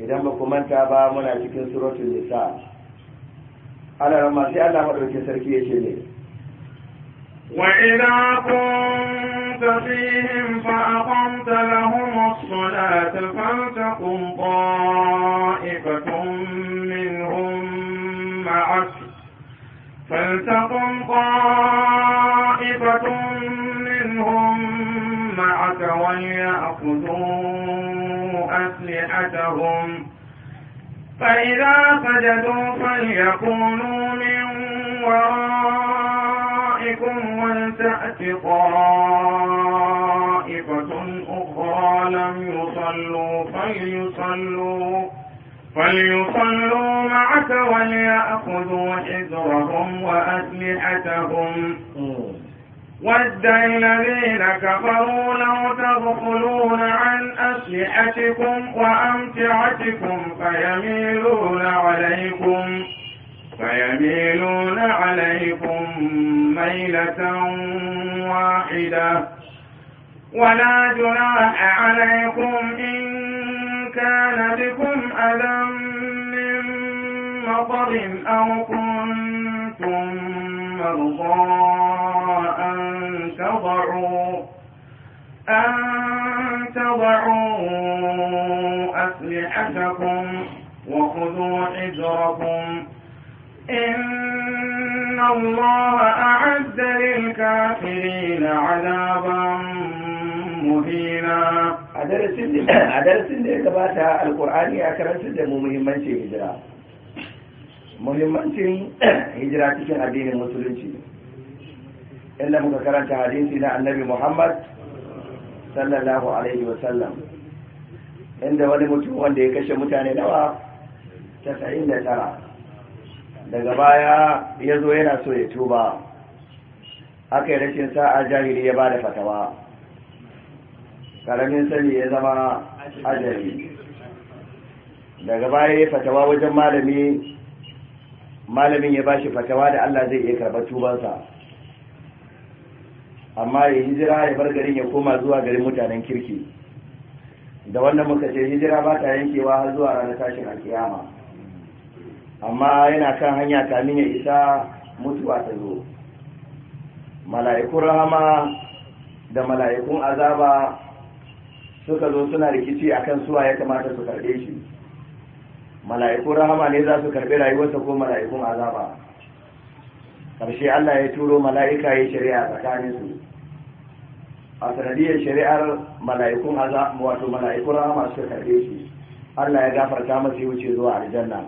idan ba manta ba muna cikin suratun nisa ana rama sai allah maɗauki sarki ya ce ne وإذا كنت فيهم فأقمت لهم الصلاة فلتقم طائفة منهم معك فلتقم طائفة منهم معك وليأخذوا أسلحتهم فإذا سجدوا فليكونوا من ورائكم ولتأت طائفة أخرى لم يصلوا فليصلوا فليصلوا معك وليأخذوا حذرهم وأسلحتهم ود الذين كفروا لو تغفلون عن أسلحتكم وأمتعتكم فيميلون عليكم فيميلون عليكم ميلة واحدة ولا جناح عليكم إن كان بكم أذى من مطر أو كنتم مرضى أن تضعوا أن تضعوا أسلحتكم وخذوا حجركم إن الله أعد للكافرين عذابا مهينا (clears throat) a darasin da ya gabata alkur'ani ya karanta da mu muhimmancin hijira muhimmancin (clears throat) hijira cikin addinin musulunci inda muka karanta hadisi na annabi muhammad sallallahu alaihi wasallam inda wani mutum wanda ya kashe mutane nawa casa'in da tara daga baya ya zo yana so ya tuba aka yi rashin sa'a jahili ya ba da fatawa karamin sani ya zama ajali daga baya ya fatawa wajen malami malamin ya bashi fatawa da Allah zai iya karɓar tubansa amma ya hijira ya bar garin ya koma zuwa garin mutanen kirki da wannan muka ce hijira ba ta yankewa har zuwa ranar tashin alkiyama amma yana kan hanya kamin ya isa mutuwa ta zo mala'ikun rahama da mala'ikun azaba suka zo suna rikici akan suwa ya kamata su karɓe shi mala'ikun rahama ne za su karɓi rayuwarsa ko mala'ikun azaba ƙarshe Allah ya turo mala'ika ya shari'a tsakanin su a sanadiyar shari'ar mala'ikun azaba wato mala'ikun rahama suka karɓe shi Allah ya gafarta masa wuce zuwa aljanna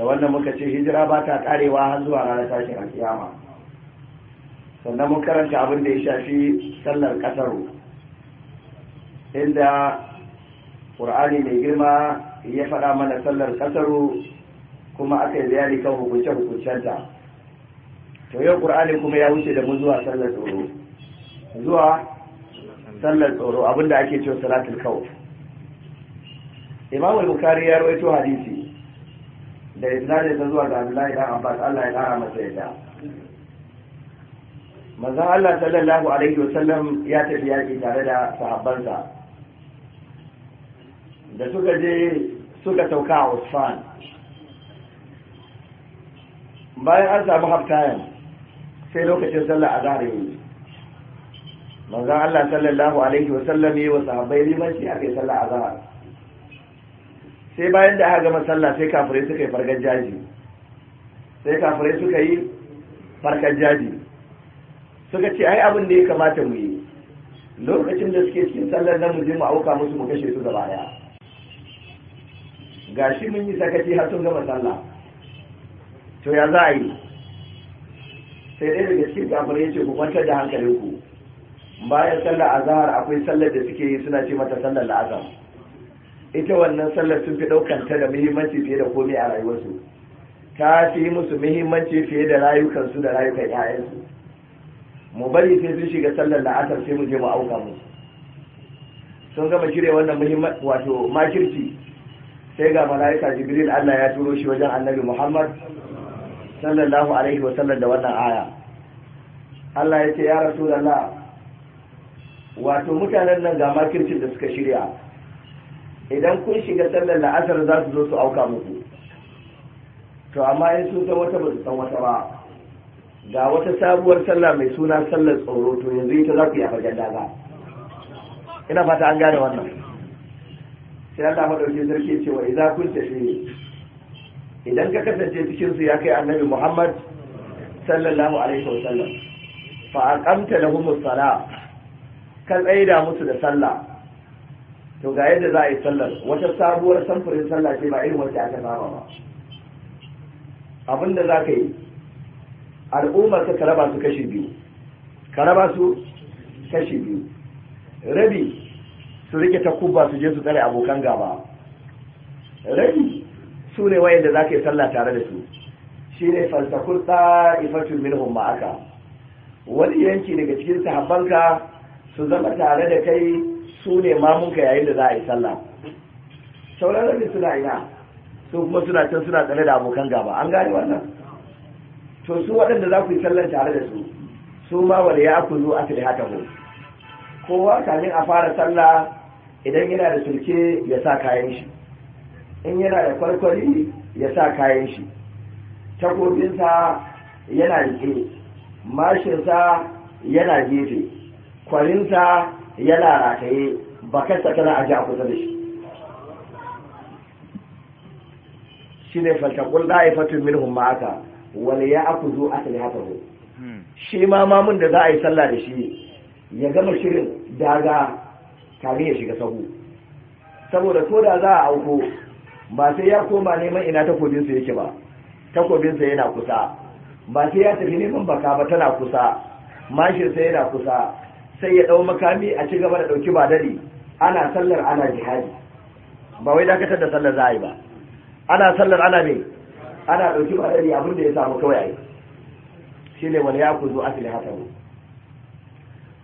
da wannan muka ce hijira ba ta karewa har zuwa ranar tashin alkiyama sannan mun karanta abin da ya shafi sallar kasaru inda ƙur'ani mai girma ya faɗa mana sallar ƙasaru kuma aka yi bayani kan hukunce-hukuncenta to yau ƙur'ani kuma ya wuce da mu zuwa sallar tsoro zuwa sallar tsoro abinda ake cewa salatul kawf imam al-bukhari ya rawaito hadisi da isnadin ta zuwa ga abdullahi dan abbas Allah ya kara masa yadda manzon Allah sallallahu alaihi wasallam ya tafi yaki tare da sahabbansa da suka je suka sauka a Usman bayan an samu haftayan sai lokacin sallah azhar yayi manzan Allah sallallahu alaihi wa yi wa sahabbai limanci a kai a zahar. sai bayan da aka gama sallah sai kafirai suka yi farkar jaji sai kafirai suka yi farkar jaji suka ce ai abin da ya kamata mu yi lokacin da suke cikin sallar na mu je mu auka musu mu kashe su da baya gashi mun yi sakaci har sun gama sallah to ya za a yi sai dai daga cikin kafin ya ce ku kwantar da hankalin ku bayan sallar azahar akwai sallar da suke yi suna ce mata sallar la'azar ita wannan sallar sun fi ɗaukanta da muhimmanci fiye da komai a rayuwarsu ta fi musu muhimmanci fiye da rayukansu da rayukan 'ya'yansu mu bari sai sun shiga sallar la'asar sai mu je mu auka mu sun gama shirya wannan wato makirci sai ga malaika jibril Allah ya turo shi wajen annabi Muhammad sallallahu alaihi wa sallam da wannan aya Allah ya ce ya rasulullah wato mutanen nan ga makircin da suka shirya idan kun shiga sallar la'asar za su zo su auka muku to amma in sun san wata ba su san wata ba ga wata sabuwar sallah mai suna sallar tsoro to yanzu ita za ku yi a fagen daga ina fata an gane wannan sai Allah madaukin zarki ce wa idza kunta fi idan ka kasance cikin su ya kai annabi Muhammad sallallahu alaihi wasallam fa aqamta lahum as-salah ka tsaida musu da sallah to ga yadda za a yi sallar wata sabuwar samfurin sallah ce ba irin wacce aka saba ba abinda za ka yi al'ummar ka raba su kashi biyu ka raba su kashi biyu rabi su rike takubba su je su tsare abokan gaba rabi su ne wayanda za ka yi sallah tare da su shi ne falsakul ta'ifatul minhum ma'aka wani yanki daga cikin sahabbanka su zama tare da kai su ne mamunka yayin da za a yi sallah sauran rabin suna ina su kuma suna can suna tsare da abokan gaba an gane wannan to su waɗanda za ku yi sallar tare da su su ma wanda ya aku zo asali haka ko. kowa kamin a fara sallah idan yana da sulke ya sa kayan shi in yana da kwalkwali ya sa kayan shi takobinsa yana rike mashinsa yana gefe kwarinsa yana rataye Ba bakarsa tana aji a kusa da shi shi ne faltakun min minhum ma'aka wani ya aku zo asali haka hmm. shi ma mamun da za a yi sallah da shi ya gama shirin daga kafin ya shiga sahu saboda ko da za a auko ba sai ya koma neman ina takobinsa yake ba takobinsa yana kusa ba sai ya tafi neman baka ba tana kusa mashinsa yana kusa sai ya ɗau makami a ci gaba da ɗauki ba dadi ana sallar ana jihadi ba wai dakatar da sallar za a yi ba ana sallar ana ne ana ɗauki ba dadi abin da ya samu kawai a yi shi ne wani ya kuzo asali hataru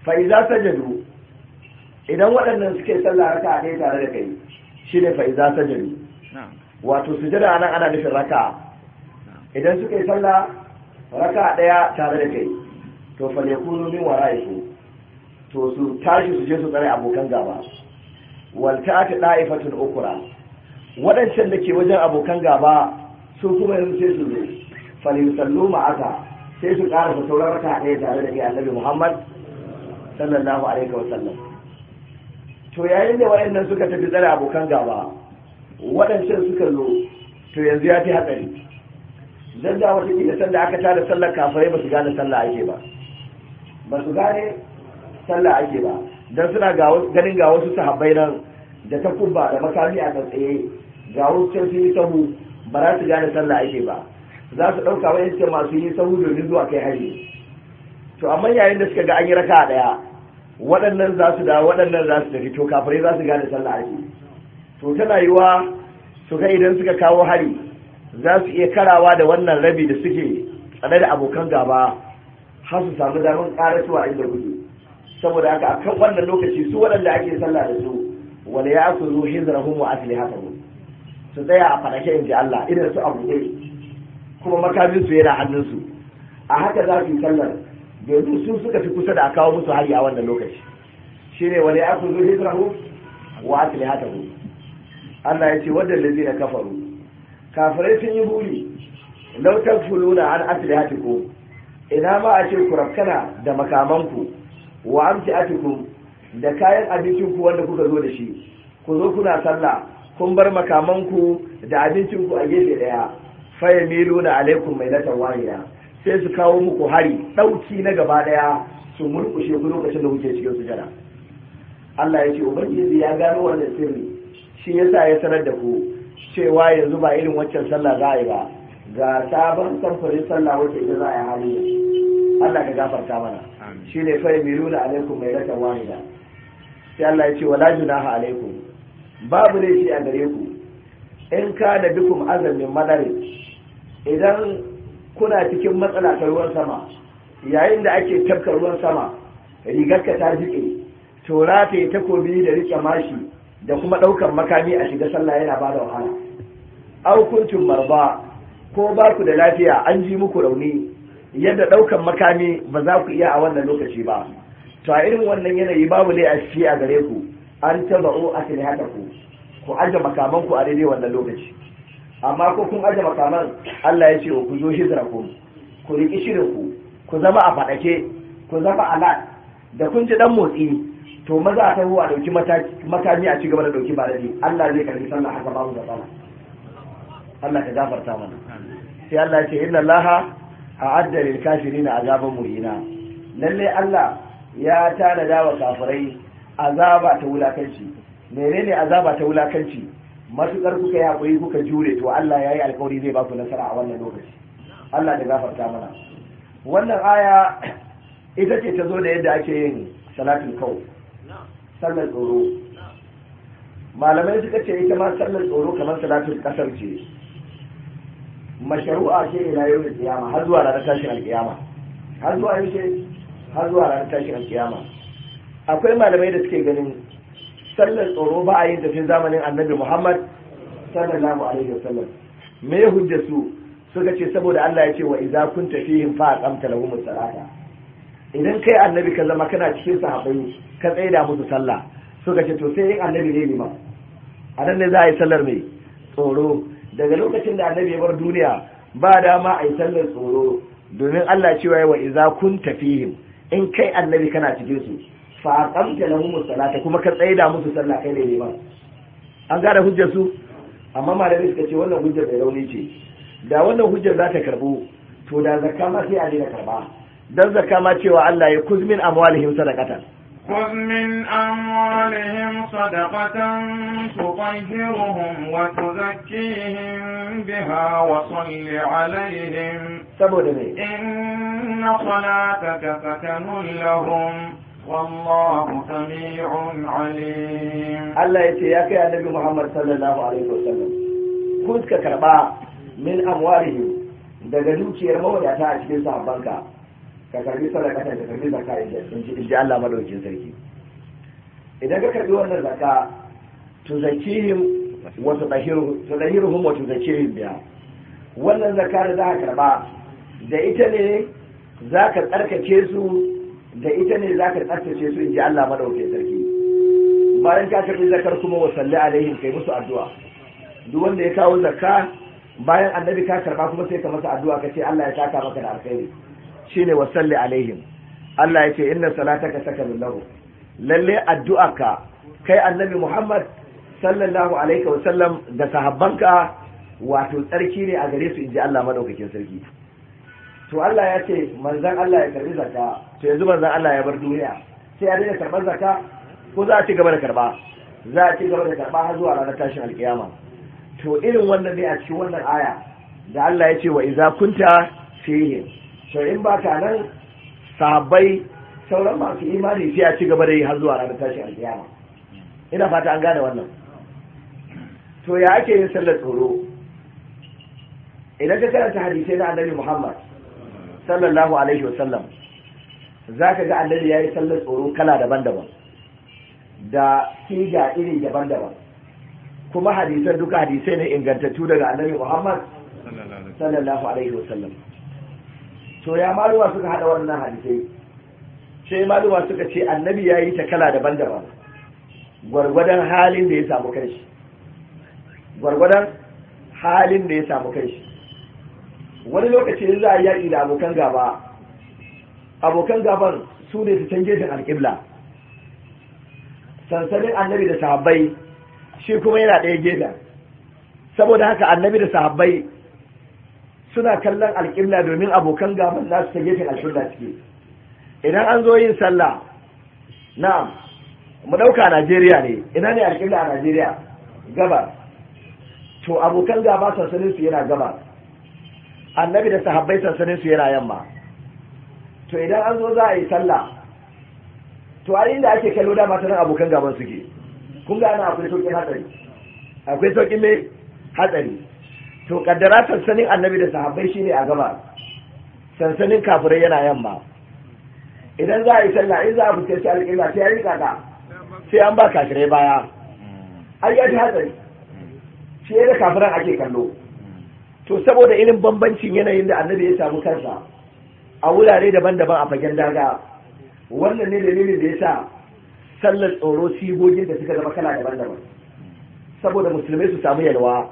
fa sajadu idan waɗannan suke sallah raka a ɗaya tare da kai shi ne fa'iza ta jami wato jira nan ana nufin raka idan suke sallah raka ɗaya tare da kai to fa yakunu min wara'iku to su tashi su je su tsare abokan gaba wal ta'ati da'ifatun okura waɗancan da ke wajen abokan gaba su kuma yanzu sai su zo fa sallu ma'aka sai su ƙara sauran raka ɗaya tare da kai annabi Muhammad sallallahu alaihi wa sallam to yayin da wayannan suka tafi tsare abokan gaba waɗancan suka zo to yanzu ya fi haɗari. zan da wata kila sanda aka tara sallar kafirai ba su gane sallah ake ba ba su gane sallah ake ba dan suna ganin ga wasu sahabbai nan da ta kubba da makami a tsaye ga wasu can sun yi sahu ba za su gane sallah ake ba za su ɗauka wa yanke masu yi sahu domin zuwa kai hari to amma yayin da suka ga an yi raka a ɗaya waɗannan za su da waɗannan za su tafi to kafirai za su gane sallah ake to tana yiwa su ga idan suka kawo hari za su iya karawa da wannan rabi da suke tsare da abokan gaba har su samu damar karatuwa inda gudu saboda haka a kan wannan lokaci su waɗanda ake sallah da su wani ya su zo asali wa ne su tsaya a in inji Allah idan su abu ne kuma makamin su yana hannun su a haka za su yi sallar yanzu su suka fi kusa da a kawo musu hari a wannan lokaci shine wani ya kuzo hijrahu wa aslihatahu Allah ya ce wadda lazina kafaru kafirai sun yi buri lautar fuluna an aslihatikum ina ma a ce ku rakkana da makamanku wa amtiatikum da kayan abincinku wanda kuka zo da shi ku zo kuna sallah kun bar makamanku da abincinku a gefe daya fa yamiluna alaikum mailatan wahida sai su kawo muku hari ɗauki na gaba ɗaya su murkushe ku lokacin da kuke cikin sujada Allah ya ce ubangiji ya gano wannan sirri shi yasa ya sanar da ku cewa yanzu ba irin waccan sallah za a yi ba ga sabon samfurin sallah wacce ita za a yi hali Allah ka gafarta mana shi ne fa yamiruna alaikum mai rata wahida sai Allah ya ce wala junaha alaikum babu ne shi a gare ku in ka da dukum azamin madari idan kuna cikin matsala ta ruwan sama yayin da ake tafka ruwan sama rigarka ta jiƙe to rataye takobi da riƙe mashi da kuma ɗaukar makami a shiga sallah yana ba da wahala au kuntum marba ko ba ku da lafiya an ji muku rauni yadda ɗaukar makami ba za ku iya a wannan lokaci ba to a irin wannan yanayi babu ne a shi a gare ku an taba'u a ku ku aje makamanku a daidai wannan lokaci amma ko kun aje makaman Allah ya ce ku zo hijira ku ku riki shirin ku ku zama a fadake ku zama a alat da kun ji dan motsi to maza a tawo a dauki mataki a ci gaba da dauki baladi Allah zai karbi sallah haka babu da sallah Allah ka gafarta mana sai Allah ya ce inna Allah a'adda lil kafirina azaban muhina lalle Allah ya da wa kafirai azaba ta wulakanci menene azaba ta wulakanci matukar kuka yi hakuri kuka jure to Allah ya yi alkawari zai ba ku nasara a wannan lokaci Allah da gafarta mana wannan aya ita ce ta zo da yadda ake yin salatin kau sallar tsoro malamai suka ce ita ma sallar tsoro kamar salatin kasar ce masharu'a ce ina yau da kiyama har zuwa ranar tashin alkiyama har zuwa yau ce har zuwa ranar tashin alkiyama akwai malamai da suke ganin sallar tsoro ba a yin tafi zamanin annabi muhammad sallallahu alaihi wasallam me ya hujja su suka ce saboda allah ya ce wa idza kunta fihim fa aqamta lahum salata idan kai annabi ka zama kana cikin sahabbai ka tsaida musu sallah suka ce to sai yin annabi ne ma a nan ne za a yi sallar mai tsoro daga lokacin da annabi ya bar duniya ba dama a yi sallar tsoro domin allah cewa wa idza kunta fihim in kai annabi kana cikin su fa na lahum salata kuma ka tsaida musu sallah kai ne ba an gane hujjar su amma malamai suka ce wannan hujjar bai rauni ce da wannan hujjar za ta karbo to da zakka ma sai a daina karba dan zakka ma cewa Allah ya kuzmin amwalihim sadaqatan خذ من أموالهم صدقة تطهرهم وتزكيهم بها وصل عليهم إن صلاتك سكن لهم والله سميع عليم الله يتي يا كي النبي محمد صلى الله عليه وسلم كنت كربا من أموالهم daga dukiyar mawadata a cikin sahabbanka ka karbi sadaka ta karbi zakka in ji Allah madaukakin sarki idan ka karbi wannan zakka tuzakihim wa tudahiruhum wa tuzakihim biya wannan zakka da za ka karba da ita ne za ka tsarkake su da ita ne za ka tsaftace su in ji Allah maɗauke sarki bayan ka karɓi zakar kuma wa salli alaihim kai musu addu'a duk wanda ya kawo zakka bayan annabi ka karba kuma sai ka masa addu'a ka ce Allah ya saka maka da alkhairi shine wa salli alaihim Allah ya ce inna salataka sakanun lahu lalle ka kai annabi Muhammad sallallahu alaihi wa sallam da sahabbanka wato tsarki ne a gare su in ji Allah madaukakin sarki to Allah ya ce manzan Allah ya karbi zaka to yanzu manzan Allah ya bar duniya sai ya daina karban zaka ko za a ci gaba da karba za a ci gaba da karba har zuwa ranar tashin alkiyama to irin wannan ne a cikin wannan aya da Allah ya ce wa iza kunta fihi to in ba ka nan sahabbai sauran masu imani sai a ci gaba da yi har zuwa ranar tashin alkiyama ina fata an gane wannan to ya ake yin sallar tsoro idan ka karanta hadisai na annabi Muhammad sallallahu alaihi wasallam za ka ga annabi ya yi sallar tsoro kala daban-daban da siga irin daban-daban kuma hadisan duka hadisai ne ingantattu daga annabi muhammad sallallahu alaihi wasallam to ya maluwa suka hada wannan hadisai sai maluwa suka ce annabi ya yi ta kala daban-daban gwargwadon halin da ya samu kai shi. halin da ya samu wani lokaci za a yaƙi da abokan gaba abokan gaban su ne su canje shi alƙibla sansanin annabi da sahabbai shi kuma yana ɗaya gefen saboda haka annabi da sahabbai suna kallon alƙibla domin abokan gaban nasu canje shi alƙibla suke idan an zo yin sallah na mu ɗauka a najeriya ne ina ne alƙibla a najeriya gabar to abokan gaba sansanin su yana gabar annabi da sahabbai sansanin su yana yamma to idan an zo za a yi sallah to a inda ake kallo da matan abokan gaban suke kun ga ana akwai sauƙin hatsari akwai sauƙin mai hatsari to kaddara sansanin annabi da sahabbai shine a gaba sansanin kafirai yana yamma idan za a yi sallah in za a fuskanci alƙila sai ya rika ka sai an ba kafirai baya ai ya ji hatsari shi da kafiran ake kallo to saboda irin bambancin yanayin da annabi ya samu kansa a wurare daban-daban a fagen daga wannan ne dalilin da ya sa sallar tsoro sigogin da suka zama kala daban-daban saboda musulmai su samu yalwa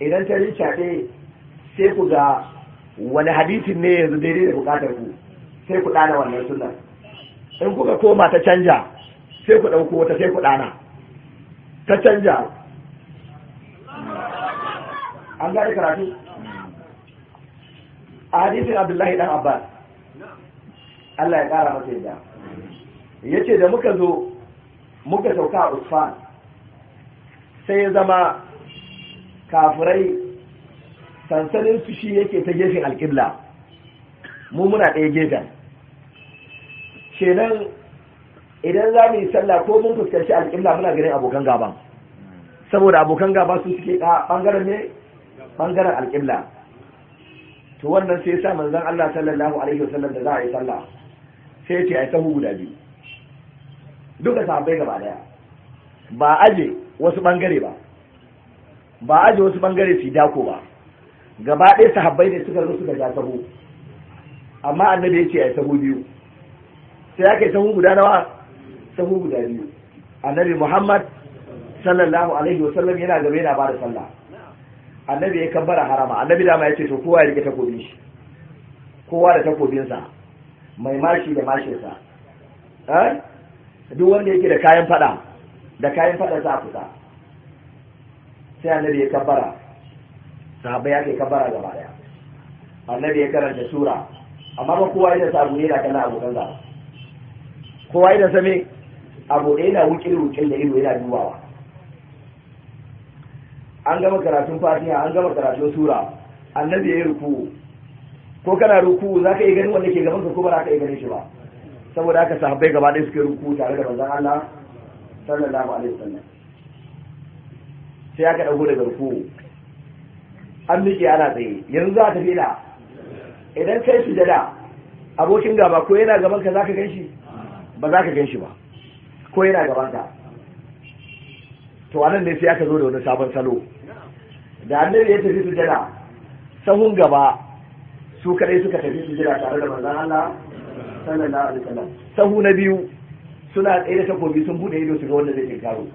idan ta ne sai ku ga wani hadisin ne yanzu daidai da bukatar ku sai ku ɗana wannan sunan in kuka koma ta canja sai ku ɗauko wata sai ku ɗana ta canja an gane karatu a hadisin abdullahi dan abbas Allah ya kara masa yadda yace da muka zo muka sauka a usfan sai ya zama kafirai sansanin su shi yake ta gefen alƙibla mu muna ɗaya gefen kenan idan za mu yi sallah ko mun fuskanci alƙibla muna ganin abokan gaban saboda abokan gaba su suke ɓangaren ne bangaren alƙibla to wannan sai sa manzon Allah sallallahu alaihi wasallam da za a yi sallah sai ya ce ai sahu guda biyu duka sahabbai gaba daya ba aje wasu bangare ba ba aje wasu bangare su dako ba gaba ɗaya sahabbai ne suka zo suka ja sahu amma annabi ya ce ai sahu biyu sai aka yi sahu guda nawa sahu guda biyu annabi Muhammad sallallahu alaihi wasallam yana gaba yana bada sallah annabi ya kambara harama annabi dama ya ce to kowa ya rike takobin shi kowa da takobinsa mai mashi da mashinsa eh? duk wanda yake da kayan fada da kayan fada a fita sai annabi ya kabbara sahabbai ya kai kabbara gaba daya annabi ya karanta sura amma ba kowa ya sa abu ne da kana abokan zaba kowa ya sa me abu da na wukil wukil da ido yana dubawa an gama karatun fatiha an gama karatun sura annabi ya yi ruku ko kana ruku za ka iya ganin wanda ke gaban ka ko ba za ka iya ganin shi ba saboda haka sahabbai gaba ɗaya suke ruku tare da manzon Allah sallallahu alaihi wasallam sai aka dauko daga ruku an miƙe ana tsaye yanzu za ta fila idan kai jada abokin gaba ko yana gaban ka za ka gan shi ba za ka gan shi ba ko yana gaban ka to anan ne sai aka zo da wani sabon salo da annabi ya tafi su jira sahun gaba su kadai suka tafi su jira tare da manzon Allah sallallahu alaihi wasallam sahu na biyu suna tsaye da takobi sun bude ido su ga wanda zai tinkaro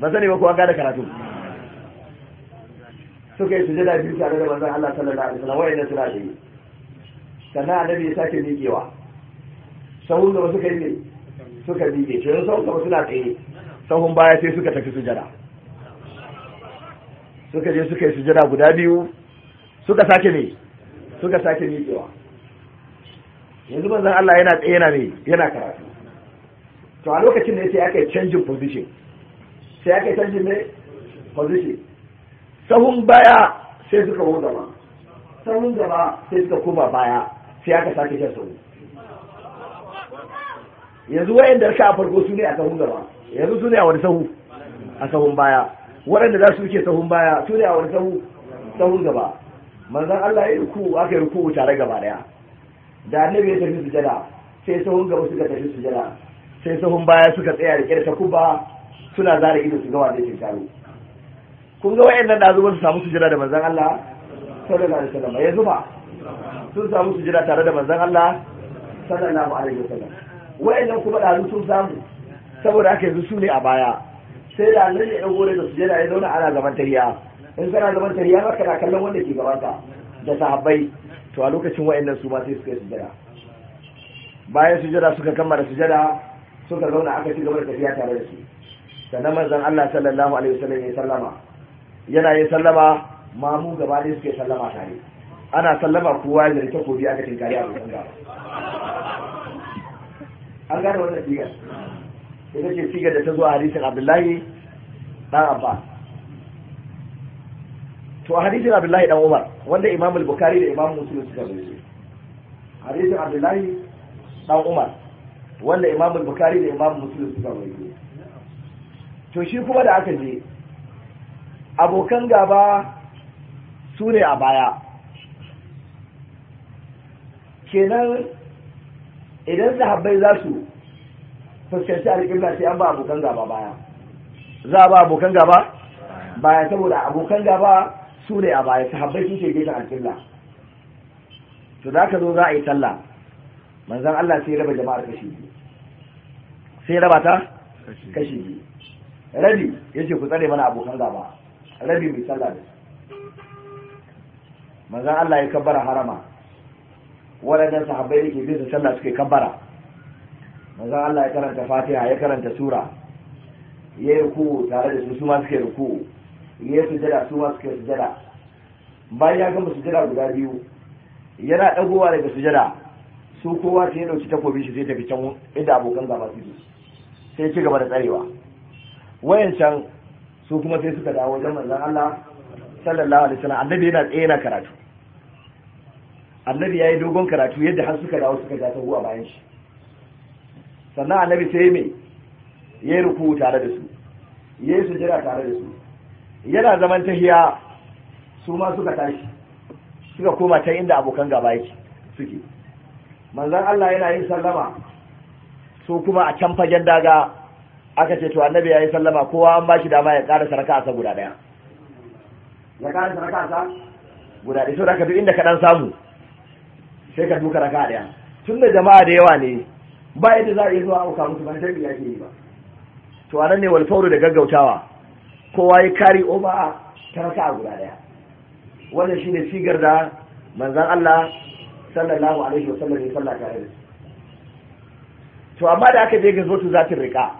ba sani ba ko an gada karatu suka yi sujada biyu tare da manzon Allah sallallahu alaihi wasallam wayannan suna tsaye sannan annabi ya sake miƙewa sahun gaba suka yi ne suka miƙe to yanzu sahun gaba suna tsaye sahun baya sai suka tafi sujada suka je suka yi sujada guda biyu suka sake ne suka sake cewa yanzu manzon Allah yana tsaye yana ne yana karatu to a lokacin ne sai aka yi canjin position sai aka yi canjin ne position sahun baya sai suka koma gaba sahun gaba sai suka koma baya sai aka sake shan sahun yanzu da ka farko su ne a sahun gaba yanzu su ne a wani sahu a sahun baya waɗanda za su wuce sahun baya su ne a wani sahu sahun gaba manzan Allah ya ruku aka yi ruku tare gaba daya da annabi ya tafi su jada sai sahun gaba suka tafi su jada sai sahun baya suka tsaya da kyar kuba suna zara ido su gawa da yake taro kun ga wayannan da zuwa su samu sujada da manzan Allah sallallahu alaihi wasallam ya zuba sun samu sujada tare da manzan Allah sallallahu alaihi wasallam wayannan kuma da sun samu saboda aka yanzu su ne a baya sai da annabi ya gore da sujada ya zauna ana zaman tariya in kana zaman tariya haka na kallon wanda ke ka, da sahabbai to a lokacin wayannan su ma sai suka yi sujada bayan sujada suka kammala sujada suka zauna aka ci gaba da tafiya tare da su sannan manzon Allah sallallahu alaihi wasallam ya sallama yana yin sallama mu gaba ne suke sallama tare ana sallama kowa da zarta kobi aka tinkari a gaba an gane wannan digar ita ce sigar da ta zo a hadisin abdullahi ɗan Abba. to a hadisin abdullahi dan umar wanda imam al da imam muslim suka rubuta hadisin abdullahi dan umar wanda imam al da imam muslim suka rubuta to shi kuma da aka je abokan gaba su ne a baya kenan idan sahabbai za su fuskanci alƙibla sai an ba abokan gaba baya za a ba abokan gaba baya saboda abokan gaba su ne a baya sahabbai su ce gefen alƙibla to da ka zo za a yi sallah manzan Allah sai raba jama'ar kashi biyu sai raba ta kashi biyu rabi ya ce ku tsare mana abokan gaba rabi mai sallah da manzan Allah ya kabbara harama waɗannan sahabbai da ke bisa sallah suka kabbara manzon Allah ya karanta Fatiha ya karanta sura ya yi ruku tare da su su ma suke ruku ya yi sujada su ma suke sujada bayan ya gama sujada guda biyu yana dagowa daga sujada su kowa sai ya dauki takobi shi zai tafi can inda abokan gaba su sai ya ci gaba da tsarewa can su kuma sai suka dawo wajen manzon Allah sallallahu alaihi wasallam annabi yana tsaye yana karatu annabi yi dogon karatu yadda har suka dawo suka ja tagu a bayan shi sannan annabi sai me ya ruku tare da su ya yi sujira tare da su yana zaman tahiya su ma suka tashi suka koma ta inda abokan gaba yake suke manzan Allah yana yin sallama su kuma a can fagen daga aka ce to annabi ya yi sallama kowa an ba shi dama ya ƙara saraka a sa guda ɗaya ya ƙara saraka a sa guda ɗaya saboda ka duk inda ka ɗan samu sai ka duka raka ɗaya tun da jama'a da yawa ne ba yadda za a iya zuwa auka musu ba tarbi ake yi ba to a nan ne wal da gaggautawa kowa ya kari oba ta rasa a guda daya wannan shine sigar da manzon Allah sallallahu alaihi wasallam ya sallata da su to amma da aka je ga zotu zatin rika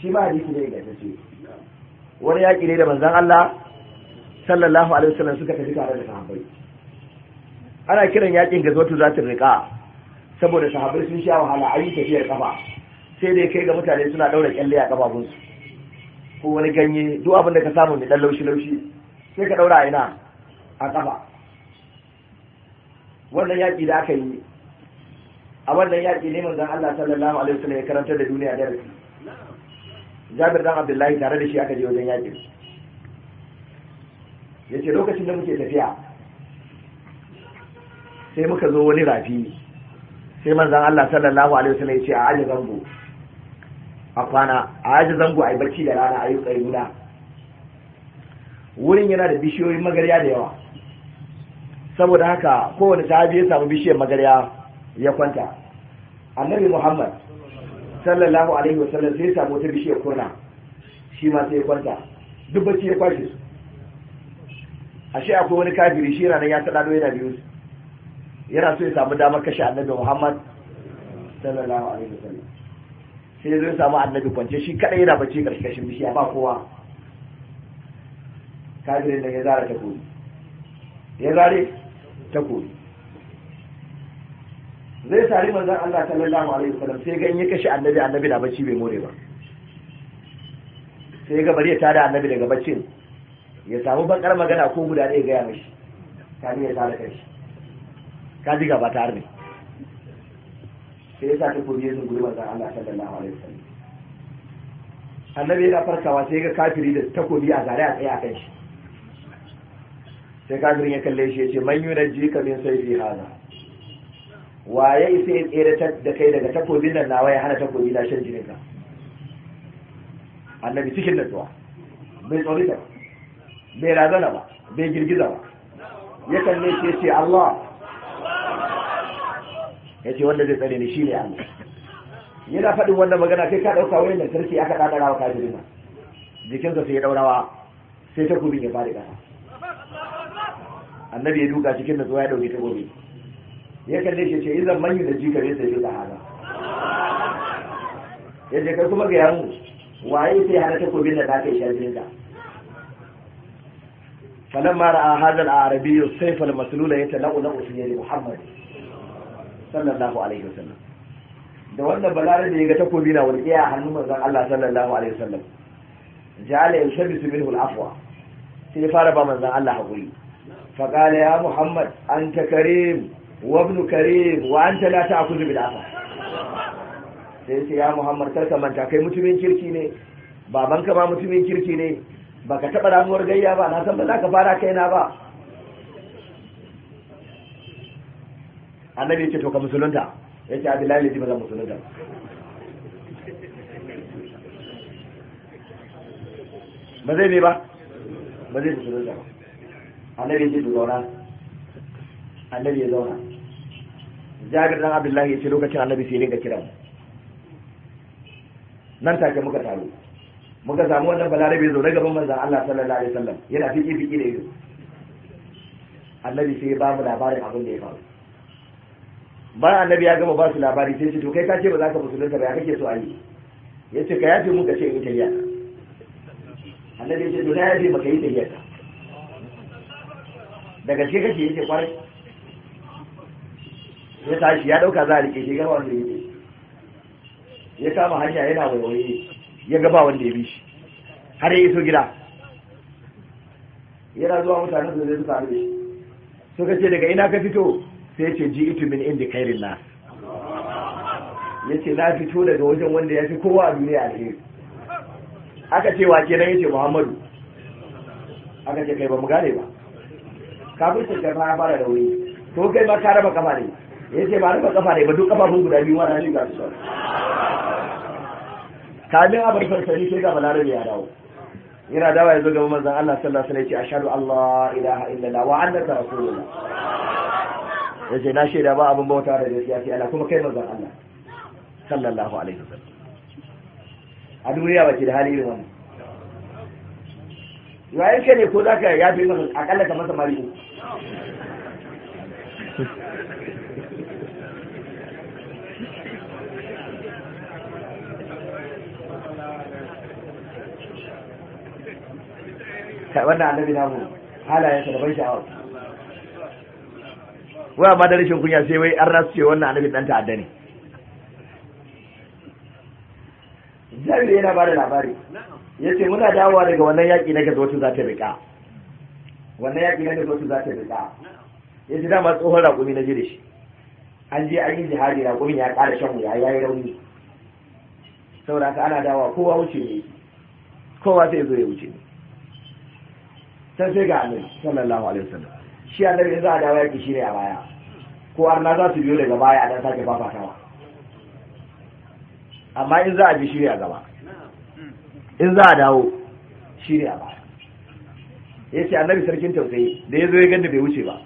shi ma hadisi ne ga tace wani yaƙi ne da manzon Allah sallallahu alaihi wasallam suka tafi tare da sahabbai ana kiran yaƙin ga zotu zatin rika saboda sahabbai sun sha wahala a yi tafiyar kafa sai dai kai ga mutane suna daura kyalle a kafafunsu ko wani ganye duk abin da ka samu ne dan laushi laushi sai ka daura a ina a kafa wannan yaƙi da aka yi a wannan yaƙi ne manzon Allah sallallahu alaihi wasallam ya karanta da duniya da darasi Jabir dan Abdullahi tare da shi aka je wajen yaki yace lokacin da muke tafiya sai muka zo wani rafi sai manzan Allah sallallahu alaihi wasallam ya ce a aje zango a kwana a aje zango a yi barci da rana a yi tsayuna wurin yana da bishiyoyin magarya da yawa saboda haka kowane sahabi ya samu bishiyar magarya ya kwanta annabi Muhammad sallallahu alaihi wasallam sai ya samu wata bishiyar kurna shi ma sai ya kwanta duk bacci ya kwashe su ashe akwai wani kafiri shi ranar ya doya yana biyu yana so ya samu damar kashe annabi Muhammad sallallahu alaihi wasallam sai zai samu annabi kwance shi kadai yana bacci karkashin bishiya ba kowa kafirin da ya zara ta koli ya zare ta koli zai sari manzon Allah sallallahu alaihi wasallam sai ganye kashe annabi annabi da bacci bai more ba sai ga bari ya tada annabi daga baccin ya samu bakar magana ko guda ɗaya gaya shi kafin ya tada kai ka ji gaba ta harbe sai ya sa ta kuma yesu guri mazan Allah sallallahu alaihi wasallam annabi yana farkawa sai ga kafiri da takobi a zare a tsaye a kan shi sai kafirin ya kalle shi ya ce man yunajji ka min sayfi hada waye sai ya tsere da kai daga takobin nan nawa ya hana takobi na shan jinin ka annabi cikin natsuwa bai tsorita bai razana ba bai girgiza ba ya kalle shi ya ce Allah ya ce wanda zai tsare ni shi ne Allah yana faɗin wannan magana sai ka ɗauka wani lantarki aka ɗaɗara wa kafirin nan jikinsa sai ya ɗaurawa sai takobin ya faɗi ƙasa annabi ya duka cikin da zuwa ya ɗauki takobi ya kalle shi ce izan manyu da jikar ne sai duka haka ya ce kai kuma ga yamu waye sai hana takobin da ɗaka ya shafi ka فلما راى هذا العربي السيف المسلول يتلألأ في يد محمد sallallahu alaihi wasallam da wannan balare da ya ga takobi na wani iya hannun manzon Allah sallallahu alaihi wasallam ja'ala yushabbisu minhu al-afwa sai ya fara ba manzon Allah hakuri fa qala ya muhammad anta karim wa ibn karim wa anta la ta'khudhu bil afwa sai sai ya muhammad karka manta kai mutumin kirki ne babanka ba mutumin kirki ne baka taba ramuwar gayya ba na san ba za ka fara kaina ba annabi ya ce to ka musulunta ya ce abdullahi lalai ji ba zan musulunta ba zai ne ba ba zai musulunta ba annabi ya ce to zauna annabi ya zauna jabir dan abdullahi ya ce lokacin annabi sai ringa kiran nan take muka taro muka samu wannan balarabe zo na gaban manzon Allah sallallahu alaihi wasallam yana fiki fiki da ido annabi sai ya ba mu labarin abin da ya faru Ba annabi ya gama ba su labari sai su to kai ka ce ba za ka musulunta ba ya kake so ayi ya ce ka yafe mu ka ce in tafiya annabi ya ce to na yafe maka yi tafiya ka da gaske kake yake kwarai ya tashi ya dauka za a rike shi gaba wanda ya yake ya kama hanya yana waiwaye ya gaba wanda ya bi shi har ya iso gida yana zuwa mutane su zai su faru da shi suka ce daga ina ka fito sai ce ji itu min indi khairin Ya ce na fito daga wajen wanda ya fi kowa a duniya alheri aka ce wa ya yace muhammadu aka ce kai ba mu gane ba kafin su ya fara da wuri to kai ba ka raba kafa ne Ya ce ba raba kafa ne ba duk kafafun guda biyu wani ne ga su kamin a bar sai ga balarabe ya dawo yana dawa ya zo gaba manzon Allah sallallahu alaihi sallam ya ce ashhadu an la ilaha illallah wa annaka rasulullah yace na shaida ba abin bauta da gaskiya sai Allah kuma kai manzon Allah sallallahu alaihi wasallam a duniya ba ki da hali irin wannan Ya ke ne ko za ka yafe masa akalla kamar samari uku wannan annabi namu halayen sa da ban sha'awa wai ba da rashin kunya sai wai an rasu ce wannan annabi dan ta'adda ne jabir yana ba da labari ya ce muna dawowa daga wannan yaƙi na gaza wacin za ta riƙa wannan yaƙi na gaza za ta riƙa ya ce dama tsohon raƙumi na je da shi an je an yi jihadi raƙumin ya ƙara shan wuya ya yi rauni saboda ka ana dawowa kowa wuce ne kowa sai zo ya wuce ne sai sai ga annabi sallallahu alaihi wasallam shi a in za a dawo yake shi ne a baya ko arna za su biyo daga baya a dan sake fafatawa amma in za a bi shi ne a gaba in za a dawo shi ne a baya ya ce annabi sarkin tausayi da ya zo ya ganda bai wuce ba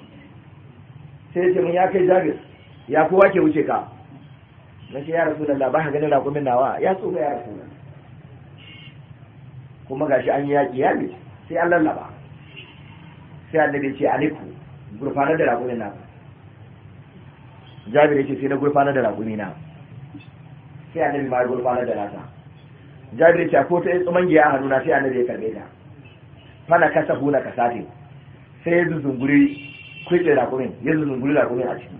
sai ya ce mun ya kai jabir ya kowa ke wuce ka na ce ya rasu da ba ka ganin rakumin nawa ya tsufa ya rasu kuma gashi an yi yaƙi ya sai an lallaba sai annabi ce aliku gurfanar da raƙumin na jabir ya ce sai na gurfanar da raƙumi na sai annabi ma gurfanar da nasa jabir ya ce ko ta tsuman giya a hannuna sai annabi ya karbe ta fana kasa hula kasafe sai ya zuzunguri kwitse raƙumin ya zuzunguri raƙumin a ciki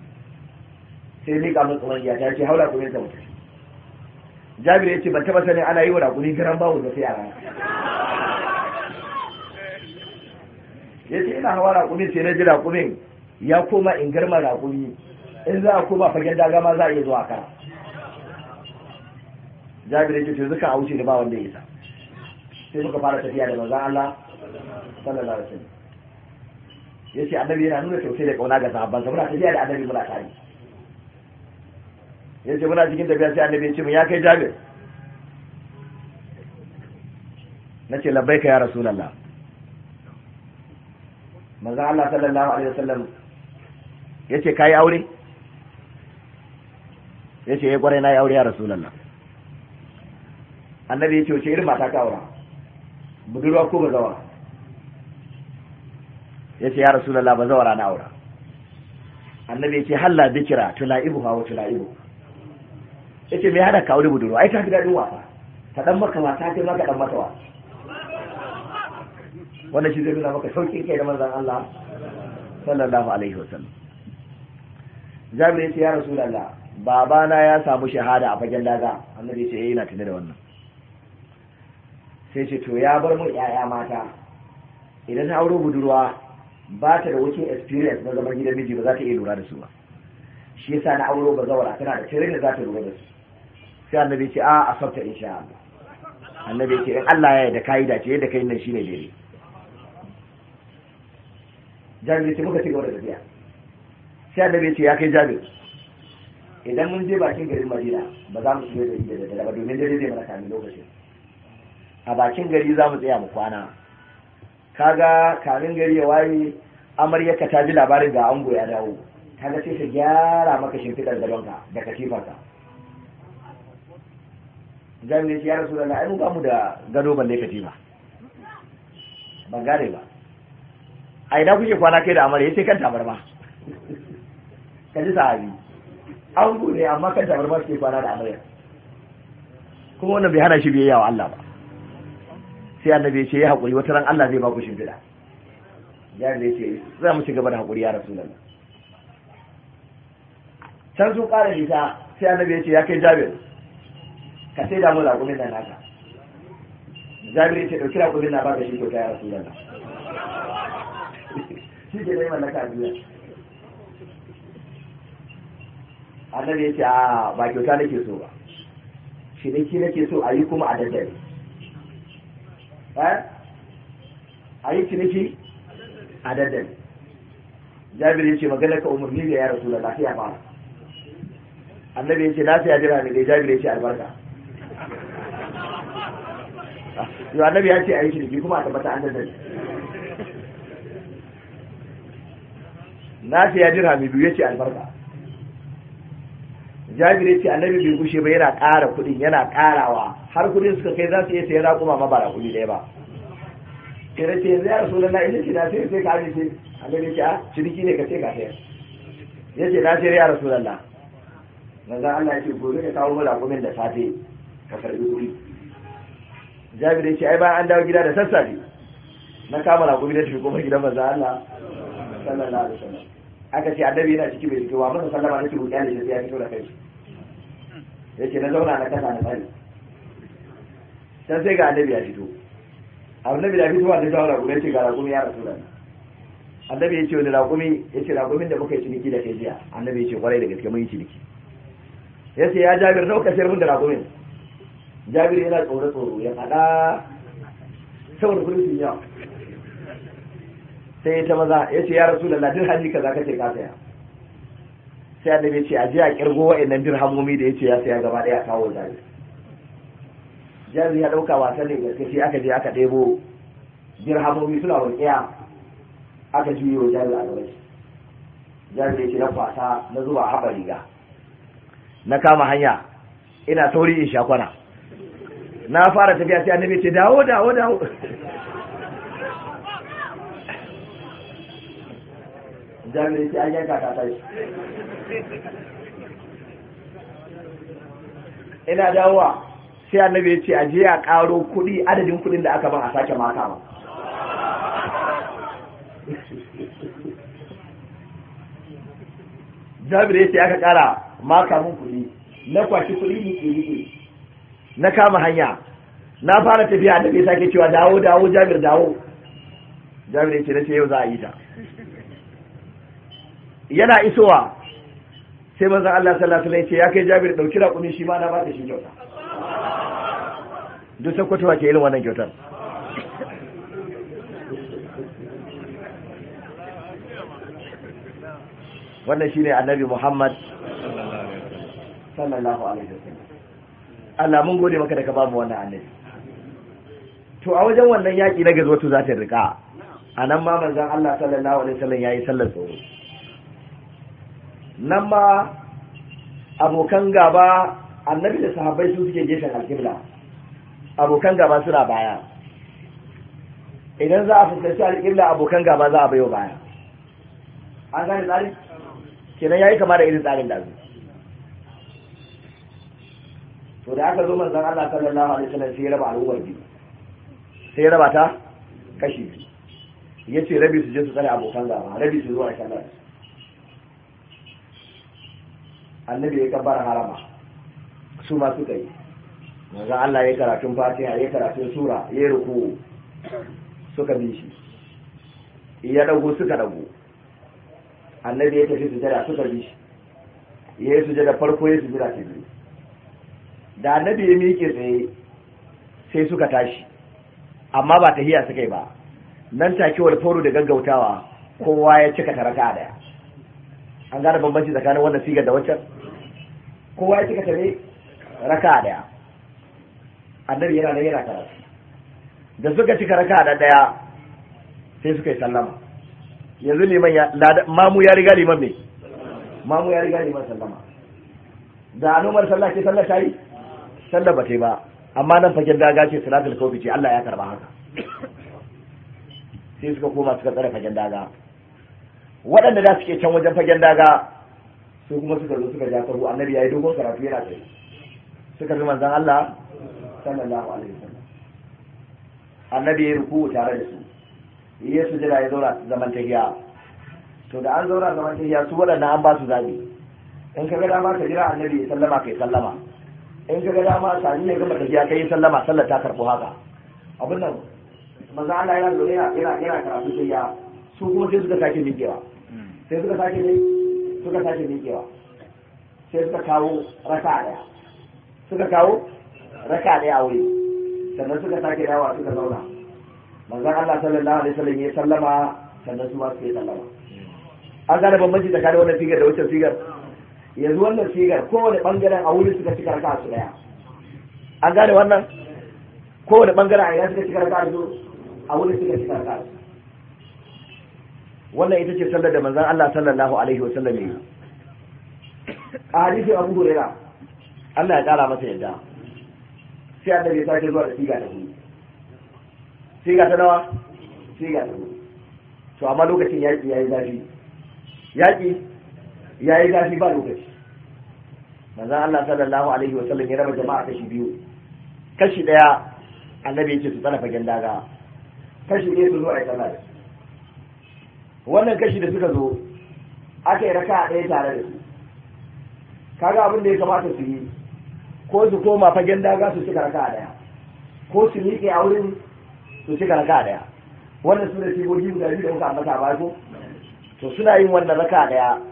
sai ni kamun tsuman ya ta ce haula raƙumin ta mutu jabir ya ce ban taɓa sanin ana yi wa raƙumi garan bawon da sai a rana ya ce ina hawa raƙumin sai na ji raƙumin ya koma in girma raƙumi in za a koma fagen daga ma za a iya zuwa kara jabir ya ce zuka a wuce da ba wanda ya isa sai muka fara tafiya da maza Allah sallallahu alaihi wasallam yace annabi yana nuna tausayi da kauna ga sahabbansa muna tafiya da annabi muna tare yace muna cikin tafiya sai annabi ya ce mu ya kai ce nace labbaika ya rasulallah manzon Allah sallallahu alaihi wasallam yace kai aure yace ya eh, kware na yi aure ya rasulullah annabi yace wace irin mata ka aura budurwa ko bazawara yace ya rasulullah bazawara na aura annabi yace halla dhikra tulaibuha wa Ya yace me hada ka aure budurwa ai ta fi dadin wasa ta dan maka mata ta maka dan mata wasa wannan shi zai nuna maka sauƙin kai da manzon Allah sallallahu alaihi wasallam Jabir ya ce ya Rasulullah babana ya samu shahada a fagen daga annabi ce eh na tuni da wannan sai ce to ya bar mu yaya mata idan ta auro budurwa ba ta da wucin experience na zaman gidan miji ba za ta iya lura da su ba shi yasa na auro ba a tana da tirin da za ta lura da su sai annabi ce ah, a a sabta insha Allah annabi ce in Allah ya yarda kai dace yadda kai nan shine jere. jabir ce muka cigaba da tafiya sai annabi ce ya kai Jami. idan mun je bakin garin madina ba za mu da gari da daga ba domin dare zai mana kamin lokacin a bakin gari za mu tsaya mu kwana kaga kamin gari ya waye amaryarka ta ji labarin ga ango ya dawo kaga sai ta gyara maka shimfiɗar gadonka da katifarka ce ya rasu da na'ayi mu ba mu da gado balle katifa ban gane ba a ina kuke kwana kai da amarya yace kan tabarma kaji sahabi an gure amma kan tabarma suke kwana da amarya kuma wannan bai hana shi biyayya wa Allah ba sai annabi ya ce ya hakuri wata ran Allah zai ba ku shimfiɗa ya ne ce za mu ci gaba da hakuri ya rasulullah can sun ƙara nisa sai annabi ya ce ya kai jabir ka sai damu da gumin nan naka jabir ya ce ɗauki da gumin na ba ka shi kyauta ya rasulullah shi ke ne mallaka a duniya annabi ya ce a ah, ba kyauta nake so ba shi ne ki nake so a yi kuma a daddare eh? a yi ciniki a daddare jabir ya ce magana ka umarni da ya rasu da lafiya ba annabi ya ce lafiya jira ne dai jabir ya ce albarka yau (laughs) annabi ya ce a yi ciniki kuma a tabbata an daddare na jira mai biyu yace albarka jabir yace annabi bai gushe ba yana ƙara kuɗin yana ƙarawa har kuɗin suka kai za su iya sayan raƙuma ma bara kuɗi ɗaya ba kira ce yanzu ya rasu na'ilin ina ce na sai sai ka amince annabi ce, a ciniki ne ka ce ka sayar ce na sayar ya rasu na. manzo Allah ce gobe ka kawo mu raƙumin da safe ka karbi kuɗi jabir ce ai bayan an dawo gida da sassafe na kama raƙumi da tafi kuma gidan manzo Allah sallallahu alaihi wasallam aka ce annabi yana ciki bai fito ba masa sallama nake buƙiya da shi ya fito da kai yake na zauna na kasa na tsari sai sai ga annabi ya fito annabi da fito wanda zaura gure ce ga raƙumi ya rasu da annabi ya ce wani raƙumi ya ce raƙumin da muka yi ciniki da kai jiya annabi ya ce kwarai da gaske mun yi ciniki ya ce ya jabir nau kasiyar mun da raƙumin jabir yana tsoro tsoro ya faɗa saboda kudin sun yawa sai ya ta maza ya ce ya rasu da dirhami kaza ka ce ka saya sai annabi ce a je a kirgo wa'annan dirhamomi da ya ce ya saya gaba daya kawo jari jari ya dauka wasan ne gaske aka je aka ɗebo dirhamomi suna walƙiya aka juyo wa jari a gaba jari ya ce na kwasa na zuba haɓa riga na kama hanya ina tauri in sha kwana na fara tafiya sai annabi ce dawo dawo dawo jami'ai sai an yanka ta tashi ina dawowa sai annabi ya ce aje a karo kuɗi adadin kuɗin da aka ban a sake maka ba jabir ya ce aka kara maka mun kuɗi na kwashi kuɗi nike nike na kama hanya na fara tafiya da ya sake cewa dawo dawo jabir dawo jabir ya ce na ce yau za a yi ta yana isowa sai maza Allah sallallahu alaihi wasallam ya ce ya kai Jabir dauki raƙumin shi ma na ba ta shi kyauta duk sai kwatuwa ke irin wannan kyautar wannan shine annabi Muhammad sallallahu alaihi wasallam Allah mun gode maka da ka bamu wannan annabi to a wajen wannan yaki na gazo to za ta rika anan ma manzon Allah sallallahu alaihi wasallam yayi sallar tsoro nan ma abokan gaba annabi da sahabbai su suke gefen alkibla abokan gaba suna baya idan za a fuskanci alkibla abokan gaba za a bayo baya an gane tsari kenan yayi kama da irin tsarin dazu to da aka zo manzon Allah sallallahu alaihi wasallam sai ya raba al'ummar biyu sai ya raba ta kashi biyu yace rabi su je su tsare abokan gaba rabi su zo a kallon. annabi ya kabbar harama su ma suka yi manzo Allah ya karatun fatiha ya karatun sura ya ruku suka bi shi ya dago suka dago annabi ya tafi sujada suka bi shi ya sujada farko ya sujada ta biyu da annabi ya miƙe tsaye sai suka tashi amma ba tahiya suka yi ba nan take wal fauru da gaggautawa kowa ya cika taraka daya an gane bambanci tsakanin wannan sigar da waccan kowa ya cika tare raka daya annabi yana nan yana karatu da suka cika raka da daya sai suka yi sallama yanzu liman ya mamu ya riga liman me mamu ya riga liman sallama da anumar sallah ke sallah ta yi sallah ba ta yi ba amma nan fagen daga ce salatul kawfi ce Allah ya karba haka sai suka koma suka tsara fagen daga waɗanda da suke can wajen fagen daga su kuma suka zo suka ja sahu annabi yayi dogon karatu yana kai suka bi manzon Allah sallallahu alaihi wasallam annabi ya ruku tare da su ya sujada ya zaura zaman tahiya to da an zaura zaman tahiya su waɗannan an ba su zabi in ka ga dama ka jira annabi ya sallama kai sallama in ka ga dama sani ne gama tahiya kai sallama sallar ta karɓo haka abin nan manzo Allah yana zaune yana yana karatu sai ya su kuma sai suka sake mikewa sai suka sake mikewa suka sake miƙewa sai suka kawo raka ɗaya suka kawo raka ɗaya a wuri sannan suka sake dawa suka zauna manzan Allah sallallahu alaihi wasallam ya sallama sannan su ma su yi sallama an gane bambanci kare wannan sigar da wancan sigar yanzu wannan sigar kowane bangaren a wuri suka cika raka su ɗaya an gane wannan kowane bangaren a ina suka cika raka su a wuri suka cika raka su wannan ita ce sallar da manzon Allah sallallahu alaihi wasallam ya yi a hadisi Abu Hurairah Allah ya kara masa yadda sai annabi ya sake zuwa da siga ta hudu siga ta nawa siga ta hudu to amma lokacin yaƙi yayi zafi yaƙi yayi zafi ba lokaci manzon Allah sallallahu alaihi wasallam ya raba jama'a kashi biyu kashi daya annabi ya ce su tsara fagen daga kashi ne su zo a yi sallah wannan kashi da suka zo aka yi raka ɗaya tare da su kaga abin da ya kamata su yi ko su koma fagen daga su cika raka ɗaya ko su miƙe a wurin su cika raka ɗaya wannan su da sigogi guda biyu da muka ambata ba ko to suna yin wannan raka ɗaya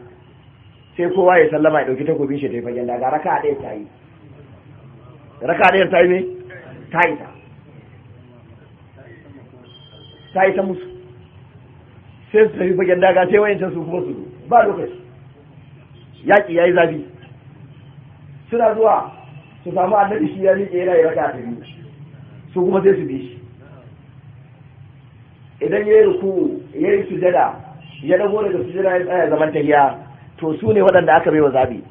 sai kowa ya sallama ya ɗauki takobin shi ta yi fagen daga raka ɗaya ta yi raka ɗaya ta yi ne ta yi ta ta yi ta musu sai su tafi fagen daga sai can su kuma su ba lokaci yaƙi ya yi zafi suna zuwa su samu annabi shi ya rike yana yi raka a su kuma sai su bi shi idan ya yi ruku ya yi sujada ya dago daga sujada ya tsaya zaman tahiya to su ne waɗanda aka bai wa zabi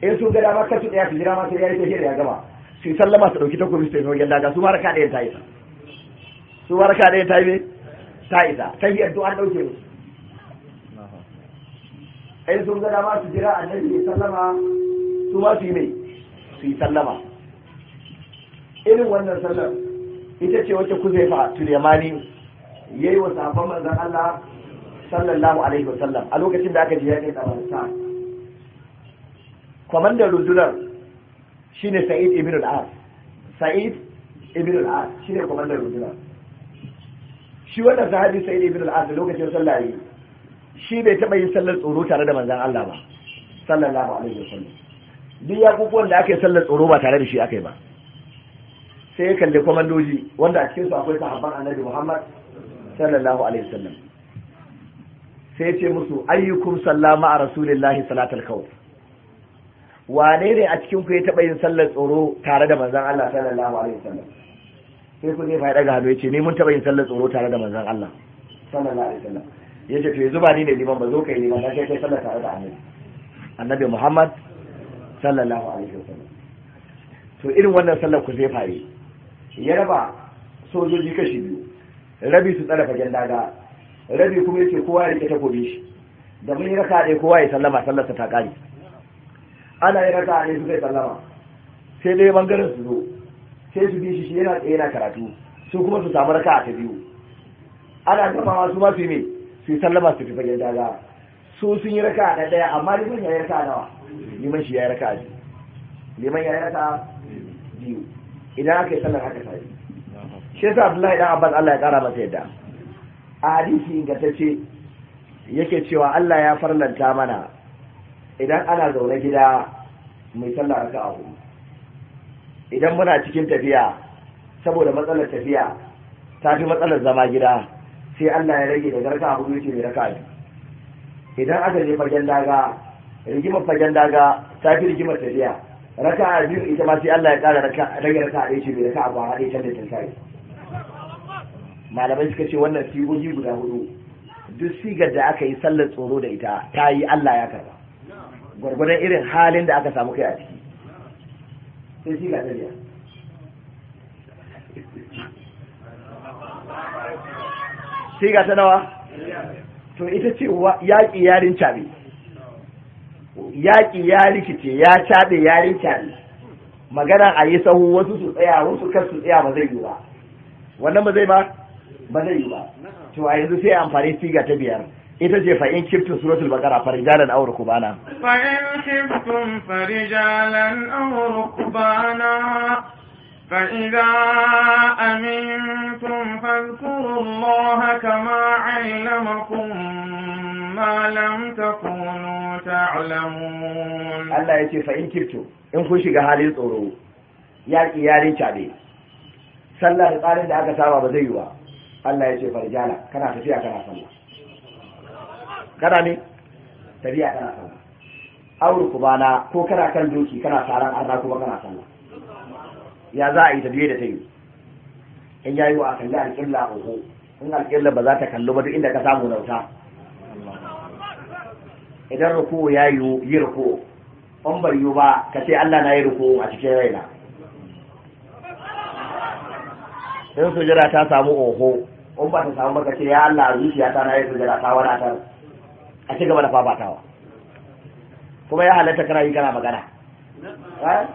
in sun ga dama kasu ɗaya su jira ma sai ya yi tahiya ya gama su yi sallama su ɗauki takobi su tafi wajen daga su ma raka ɗaya ta isa su ma raka ɗaya ta yi ta ta tahiyar to an ɗauke musu in sun gada ma su jira annabi ya sallama su ma su yi mai su yi sallama irin wannan sallar ita ce wacce ku zai fa tulemani ya yi wa safon manzan Allah sallallahu alaihi wasallam a lokacin da aka je ya kai tabarsa kwamandan rundunar shine sa'id ibn al-as sa'id ibn al-as shine kwamandan rundunar shi wannan sahabi sa'id ibn al-as lokacin sallah yayi shi bai taɓa yin sallar tsoro tare da manzan Allah ba sallallahu alaihi wasallam duk yakukuwan da aka yi sallar tsoro ba tare da shi aka yi ba sai ya kalli kwamandoji wanda a cikinsu akwai sahabban annabi Muhammad sallallahu alaihi wasallam sai ce musu ayyukum sallama a rasulillahi salatul khawf wane ne a cikin ku ya taɓa yin sallar tsoro tare da manzan Allah sallallahu alaihi wasallam sai ku ne fa ya daga hannu ya ce ni mun taɓa yin sallar tsoro tare da manzan Allah sallallahu alaihi wasallam ya ce to yanzu ba ni ne liman ba zo kai liman na kai kai sallar tare da annabi annabi muhammad sallallahu alaihi wasallam to irin wannan sallar ku zai fare ya raba sojoji kashi biyu rabi su tsara fagen daga rabi kuma yace kowa ya rike takobi shi da mun yi raka ɗaya kowa ya sallama sallarsa ta ƙare ana yi raka ne su kai sallama sai dai bangaren su zo sai su bi shi shi yana tsaye yana karatu su kuma su samu raka ta biyu ana tafawa su ma su yi mai su yi sallama su tafi gida ga su sun yi raka da daya amma liman ya yi raka nawa liman shi ya yi raka biyu liman ya yi raka biyu idan aka yi sallar haka sai shi yasa Abdullahi dan Abbas Allah ya kara masa yadda a hadisi ingantacce yake cewa Allah ya farlanta mana idan ana zaune gida mai sallar raka a hudu idan muna cikin tafiya saboda matsalar tafiya ta fi matsalar zama gida sai Allah ya rage daga raka abu yake mai raka idan aka je fagen daga rigimar fagen daga ta fi rigimar tafiya raka a biyu ita ma sai Allah ya ƙara rage raka a ɗaya ce mai raka a ba a can da can sai malamai suka ce wannan sigogi guda hudu duk sigar da aka yi sallar tsoro da ita ta yi Allah ya karba gwargwadon irin halin da aka samu kai a ciki sai shi ta biya siga ta nawa to ita ce yaƙi yarin cabe yaƙi ya rikice ya caɓe yarin cabe magana a yi sahu wasu su tsaya wasu kar su tsaya ba zai yi ba wannan ba zai ba ba zai yi ba to a yanzu sai amfani siga ta biyar ita ce fa'in kiftin suratul bakara farijalan aure rukbana fa in farijalan aw rukbana فإذا أمنتم فاذكروا الله كما علمكم ما لم تكونوا تعلمون الله يتي فإن كبتوا إن كن شيء حالي tsoro ya iyalin cabe sallah da tsarin da aka saba ba zai yi wa Allah ya ce farjala kana tafiya kana sallah kana ne tafiya kana sallah auru kubana ko kana kan doki kana saran arna kuma kana sallah ya za a yi tafiye da ta yi in yi wa a kalli alƙilla a ko in alƙilla ba za ta kallo ba duk inda ka samu nauta idan ruku ya yi yi ruku in bai yi ba ka ce Allah na yi ruku a cikin raina in sujada ta samu oho in ba ta samu ba ka ce ya Allah zuciyata na yi sujada ta ta a ci gaba da fafatawa kuma ya halatta kana yi kana magana eh?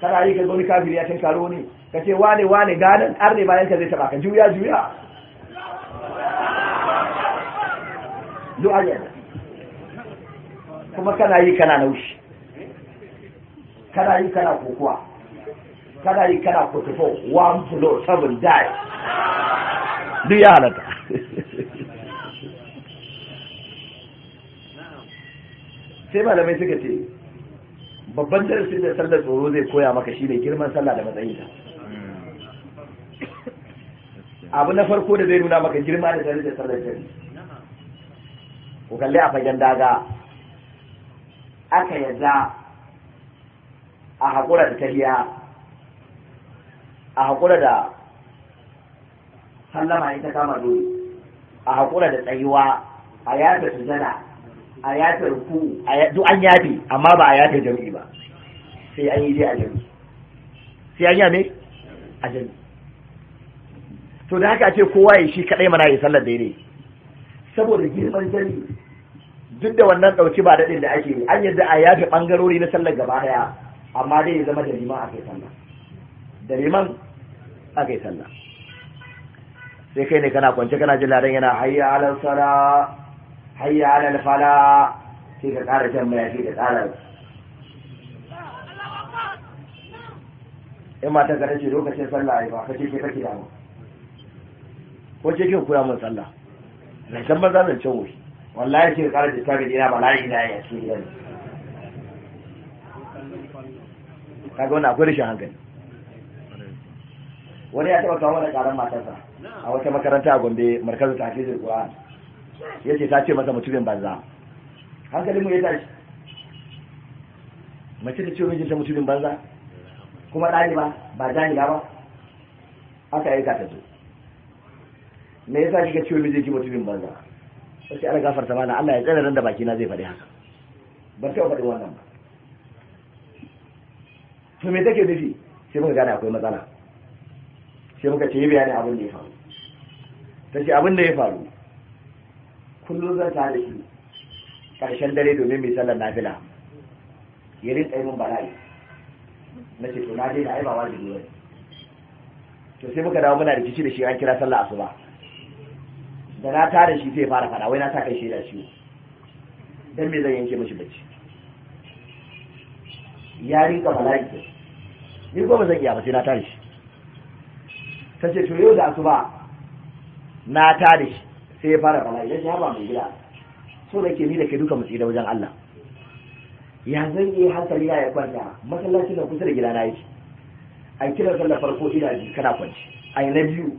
kana yi ka zoni kafiri ya tinkaro ne. ka ce wane wane ganin arne bayan ka zai taba ka juya juya du'a kuma kana yi kana naushi kana yi kana kokowa kana yi kana kotofo one floor seven die duk ya halatta (laughs) sai malamai suka ce babban darasi da sallar tsoro zai koya maka shi ne girman sallah da matsayinta abu na farko da zai nuna maka girma da darajar sallar jari ku kalli a fagen daga aka yadda a haƙura da kariya, a haƙura da sallama ita kama dole a haƙura da tsayuwa a yafe zana a ku ruku duk an yafe, amma ba a yata jami'i ba sai an yi dai a jami'i sai an yame a jami'i to da haka ce kowa ya shi kadai mana ya sallar daidai saboda girman jami'i duk da wannan dauki ba dadin da ake yi an yadda a yafe bangarori na sallar gaba daya amma dai ya zama da liman kai sallah da liman kai sallah sai kai ne kana kwance kana jin ladan yana hayya alal sala hayya ala fala sai ka ƙara tambaya sai ka ƙara in mata ka tace lokacin sallah ai ba ka ce ka kira mu ko ce kin koya mun sallah na san ba zan ce wuri wallahi sai ka ƙara da tabi ina ba la ilaha ya ne. ka ga wannan akwai rashin hankali wani ya taɓa kawo mana ƙaran matarsa a wata makaranta a Gombe markazin tahfizul Qur'an ya ce ta ce masa mutumin banza mu ya tashi mace da ce ta mutumin banza kuma ɗaliba ba ba jani ba aka aika ta zo me yasa kika ce mijinki mutumin banza sai ana gafarta mana Allah ya tsare da baki na zai faɗi haka ban ta faɗi wannan ba to me take nufi sai muka gane akwai matsala sai muka ce yi bayani abin da ya faru ta ce abin da ya faru kullum zan ta shi ƙarshen dare domin mai sallar nafila ya rinka yi mun bala'i na ce to na dai da aibawa da wajibi to sai muka dawo muna rikici da shi an kira sallar asuba da na tare shi sai fara fada wai na sa kai shi da shi dan me zan yanke mishi bacci ya rinka bala'i ni ko ba zan iya ba sai na tare shi ta ce to yau da asuba na tare shi sai ya fara idan ya ba mai gida so nake ni da ke duka mu tsira wajen Allah ya zan yi hankali ya kwanta masallacin da kusa da gida na yake a kira sallar farko ina ji kana kwanci a na biyu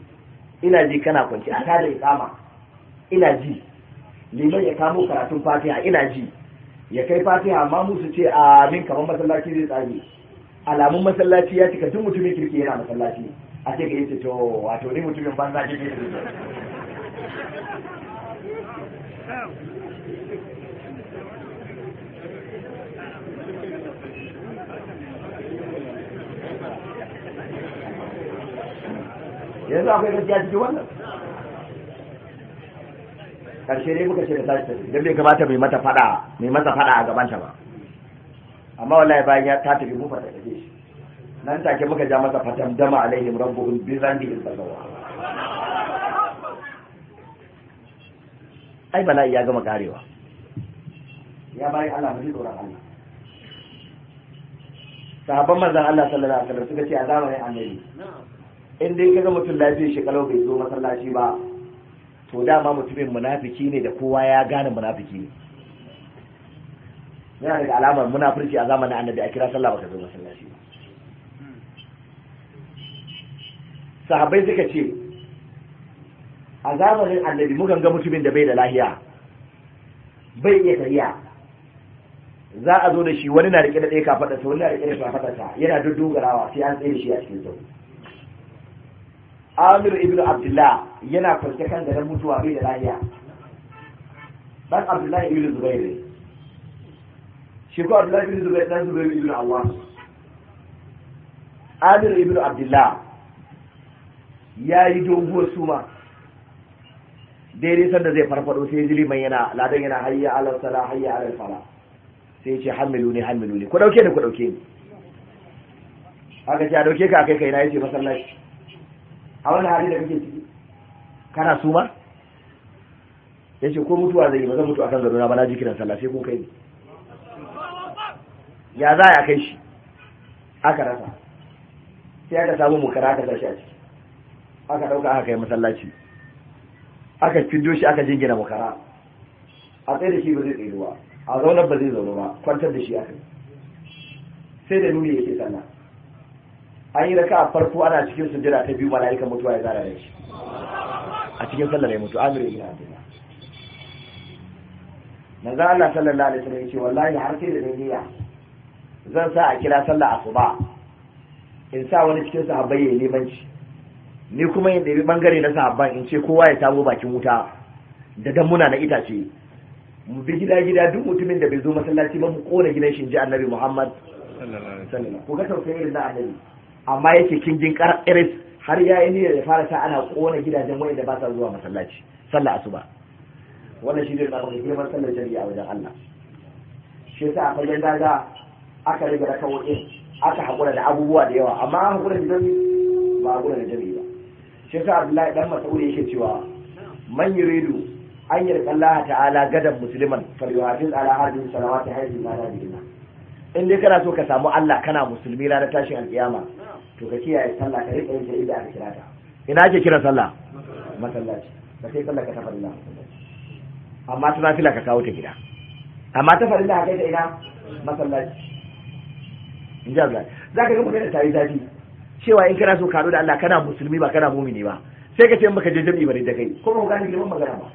ina ji kana kwanci a tada ikama ina ji liman ya kamo karatun fatiha ina ji ya kai fatiha amma musu ce a min kamar masallaci zai tsari, alamun masallaci ya cika duk mutumin kirki yana masallaci a ce ka yi to wato ni mutumin banza ke ne yanzu akwai gaskiya cikin wannan ƙarshe ne muka ce da tashi tafi don bai kamata mai mata fada mai mata fada a gabanta ba amma wallahi bayan ya ta tafi fata ta tafi shi nan take muka ja masa fatan dama alaihim rabbuhum bi zanbi in bazawa ai bala'i ya gama karewa ya bayi Allah mafi tsoron Allah sahabban manzon Allah sallallahu alaihi wasallam suka ce a zamanin annabi in dai kaga mutum lafiya shi kalau bai zo masallaci ba to dama mutumin munafiki ne da kowa ya gane munafiki ne yana daga alamar munafurci a zamanin annabi a kira sallah baka zo masallaci ba hmm. sahabbai suka ce a zamanin annabi mukan ga mutumin da bai da lahiya bai iya tafiya za a zo da shi wani na rike da ɗaya kafaɗarsa wani na rike da kafaɗarsa yana duddugarawa sai an tsaye da shi a cikin sau amir ibn abdullah yana kwance kan da mutuwa bai da lahiya dan abdullah ibn zubair shi ko abdullah ibn zubair dan zubair ibn allah amir ibn abdullah ya yi doguwar suma daidai sanda zai farfado sai ji mai yana ladan yana hayya ala sala hayya ala fala sai ce hamilu ne hamilu ne ku dauke ni ku dauke ni haka ce a dauke ka kai kai na yace masallaci a wani hali da kake ciki kana suma yace ko mutuwa zai yi ba zan mutu akan na ba na ji kiran sallah sai ku kai ni ya za a kai shi aka rasa sai aka samu mukara aka sashi a ciki aka dauka aka kai masallaci aka cindo shi aka jingina makara a tsaye da shi ba zai tsaye ba a zaunar ba zai zaune ba kwantar da shi aka sai da nuni yake sana an yi raka a farko ana cikin sujjada ta biyu mala'ikan mutuwa ya zara da shi a cikin sallar ya mutu amir ibn abdullah manzo Allah sallallahu alaihi wasallam yace wallahi har sai da niyya zan sa a kira sallar asuba in sa wani cikin sahabbai ya neman shi ni kuma yin ɗabi bangare na sahabban in ce kowa ya tabo bakin wuta da damuna na itace mu bi gida gida duk mutumin da bai zo masallaci ba mu kona gidan shi ji annabi muhammad ku ga sauke irin na annabi amma yake kingin ƙarƙiris har ya yi niyyar ya fara sa ana kona gidajen da ba sa zuwa masallaci sallah asuba wannan shi ne na wani girman sallar jami'a wajen allah shi yasa akwai fagen daga aka da rakawo'in aka haƙura da abubuwa da yawa amma haƙura da jami'a ba haƙura da jami'a shi yasa abdullahi dan masaudi yake cewa man yuridu an yarda Allah ta'ala gadan musliman falyuhafiz ala salawa ta haifin ma la bihi in dai kana so ka samu Allah kana musulmi ranar tashin alkiyama to ka kiyaye sallah ka rika yin ta inda aka kira ta ina ake kira sallah masallaci ba sai sallah ka tafarin tafarilla amma ta nafila ka kawo ta gida amma tafarilla ka kai ta ina masallaci in ji Allah za ka ga mutane ta yi zafi cewa in kana so ka da Allah kana musulmi ba kana mumini ba sai ka ce in baka je jami'i bare da kai ko ba gane girman magana ba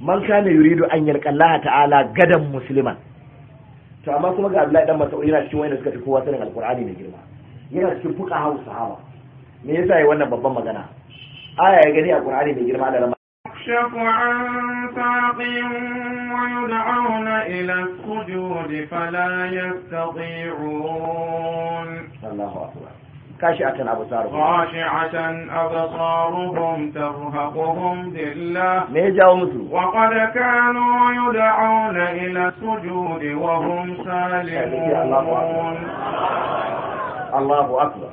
man kana yuridu an yalqa Allah ta'ala gadan musliman to amma kuma ga Abdullahi dan Mas'ud yana cikin wayanda suka fi kowa sanin alqur'ani mai girma yana cikin fuka hausa sahaba me yasa yayi wannan babban magana aya ya gani a qur'ani mai girma da يكشف عن ساق ويدعون إلى السجود فلا يستطيعون الله أكبر كاشعة أبصارهم كاشعة أبصارهم ترهقهم ذلة وقد كانوا يدعون إلى السجود وهم سالمون الله أكبر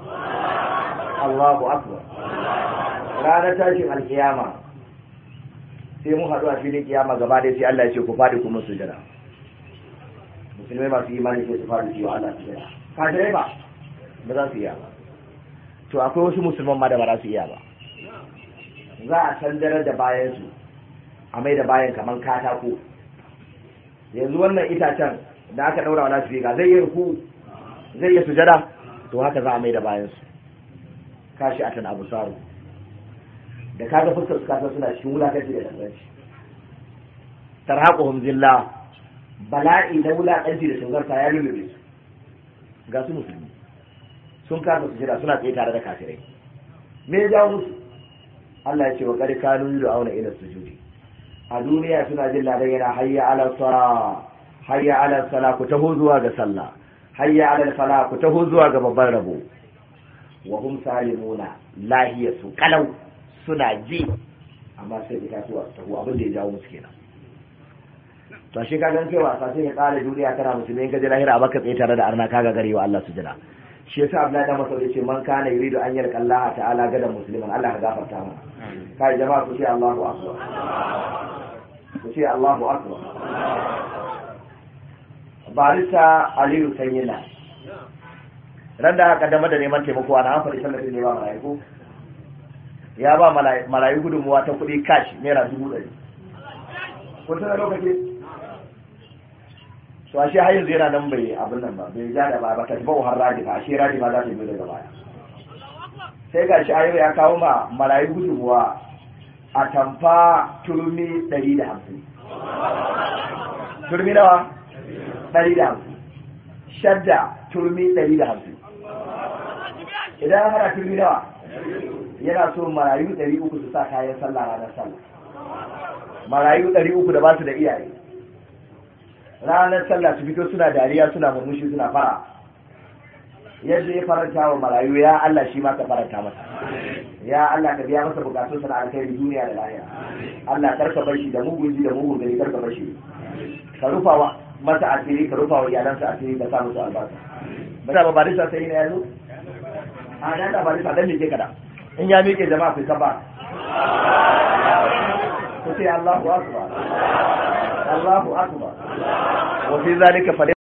الله أكبر لا tashin القيامة sai mun haɗu a filin kiyama gaba da sai Allah ya ce ku fadi kuma sujada musulmai masu imani ke su fadi ciwo Allah sujada kafirai ba ba za su yi ba to akwai wasu musulman ma da ba za su iya ba za a sandarar da bayan su a mai da bayan kamar katako yanzu wannan itacen da aka daura wa su ga zai yi ruku zai yi sujada to haka za a mai da bayan su kashi a tan abu saru da kaga fuskar su kasar suna cikin wulakanci da shangarci tarhaquhum zilla bala'i da wulakanci da shangarta ya lullube su ga su musulmi sun kasa su jira suna tsaye tare da kafirai me ya jawo musu Allah ya ce wa kare kanu auna ila sujudi a duniya suna jin ladan yana hayya ala sala hayya ala sala ku taho zuwa ga sallah hayya ala sala ku taho zuwa ga babban rabo wa hum salimuna lahiya su kalau suna ji amma sai itatuwa su taho abin da ya jawo musu kenan to shi ka gan cewa sai ya kare duniya tana musulmi in ka je lahira a baka tsaye tare da arna kaga garewa Allah su jira shi yasa Abdullahi da Mas'ud ce man kana yuridu an yarka Allah ta'ala gadan musulman Allah ka gafarta mana kai jama'a ku ce Allahu akbar ku ce Allahu akbar barista Aliyu Sanyina ran da haka dama da neman taimako ana amfani faɗi sallafin ne ba mala'iku ya ba malayu gudunmuwa ta kuɗi kashi naira dubu ɗari kun tana lokaci to ashe har yanzu yana nan bai abin nan ba bai ja da ba ba ta tafi har radifa ashe ba za ta yi daga baya sai ga shi ayo ya kawo ma malayu gudunmuwa a tamfa turmi ɗari da hamsin turmi nawa ɗari da hamsin shadda turmi ɗari da hamsin idan hana turmi nawa yana so marayu ɗari uku su sa kayan sallah ranar sallah marayu ɗari uku da ba su da iyaye ranar sallah su fito suna dariya suna murmushi suna fara yadda ya faranta wa marayu ya Allah shi ma ka faranta masa ya Allah ka biya masa bukatun sa na alkhairi duniya da lahiya Allah karka bar shi da mugun ji da mugun gari karka bar shi ka rufa wa masa asiri ka rufa wa sa asiri ka sa musu albarka bata ba barisa sai ne yazo a nan da barisa dan me ke kada in ya mike jama'a ku ka ba ku ce Allahu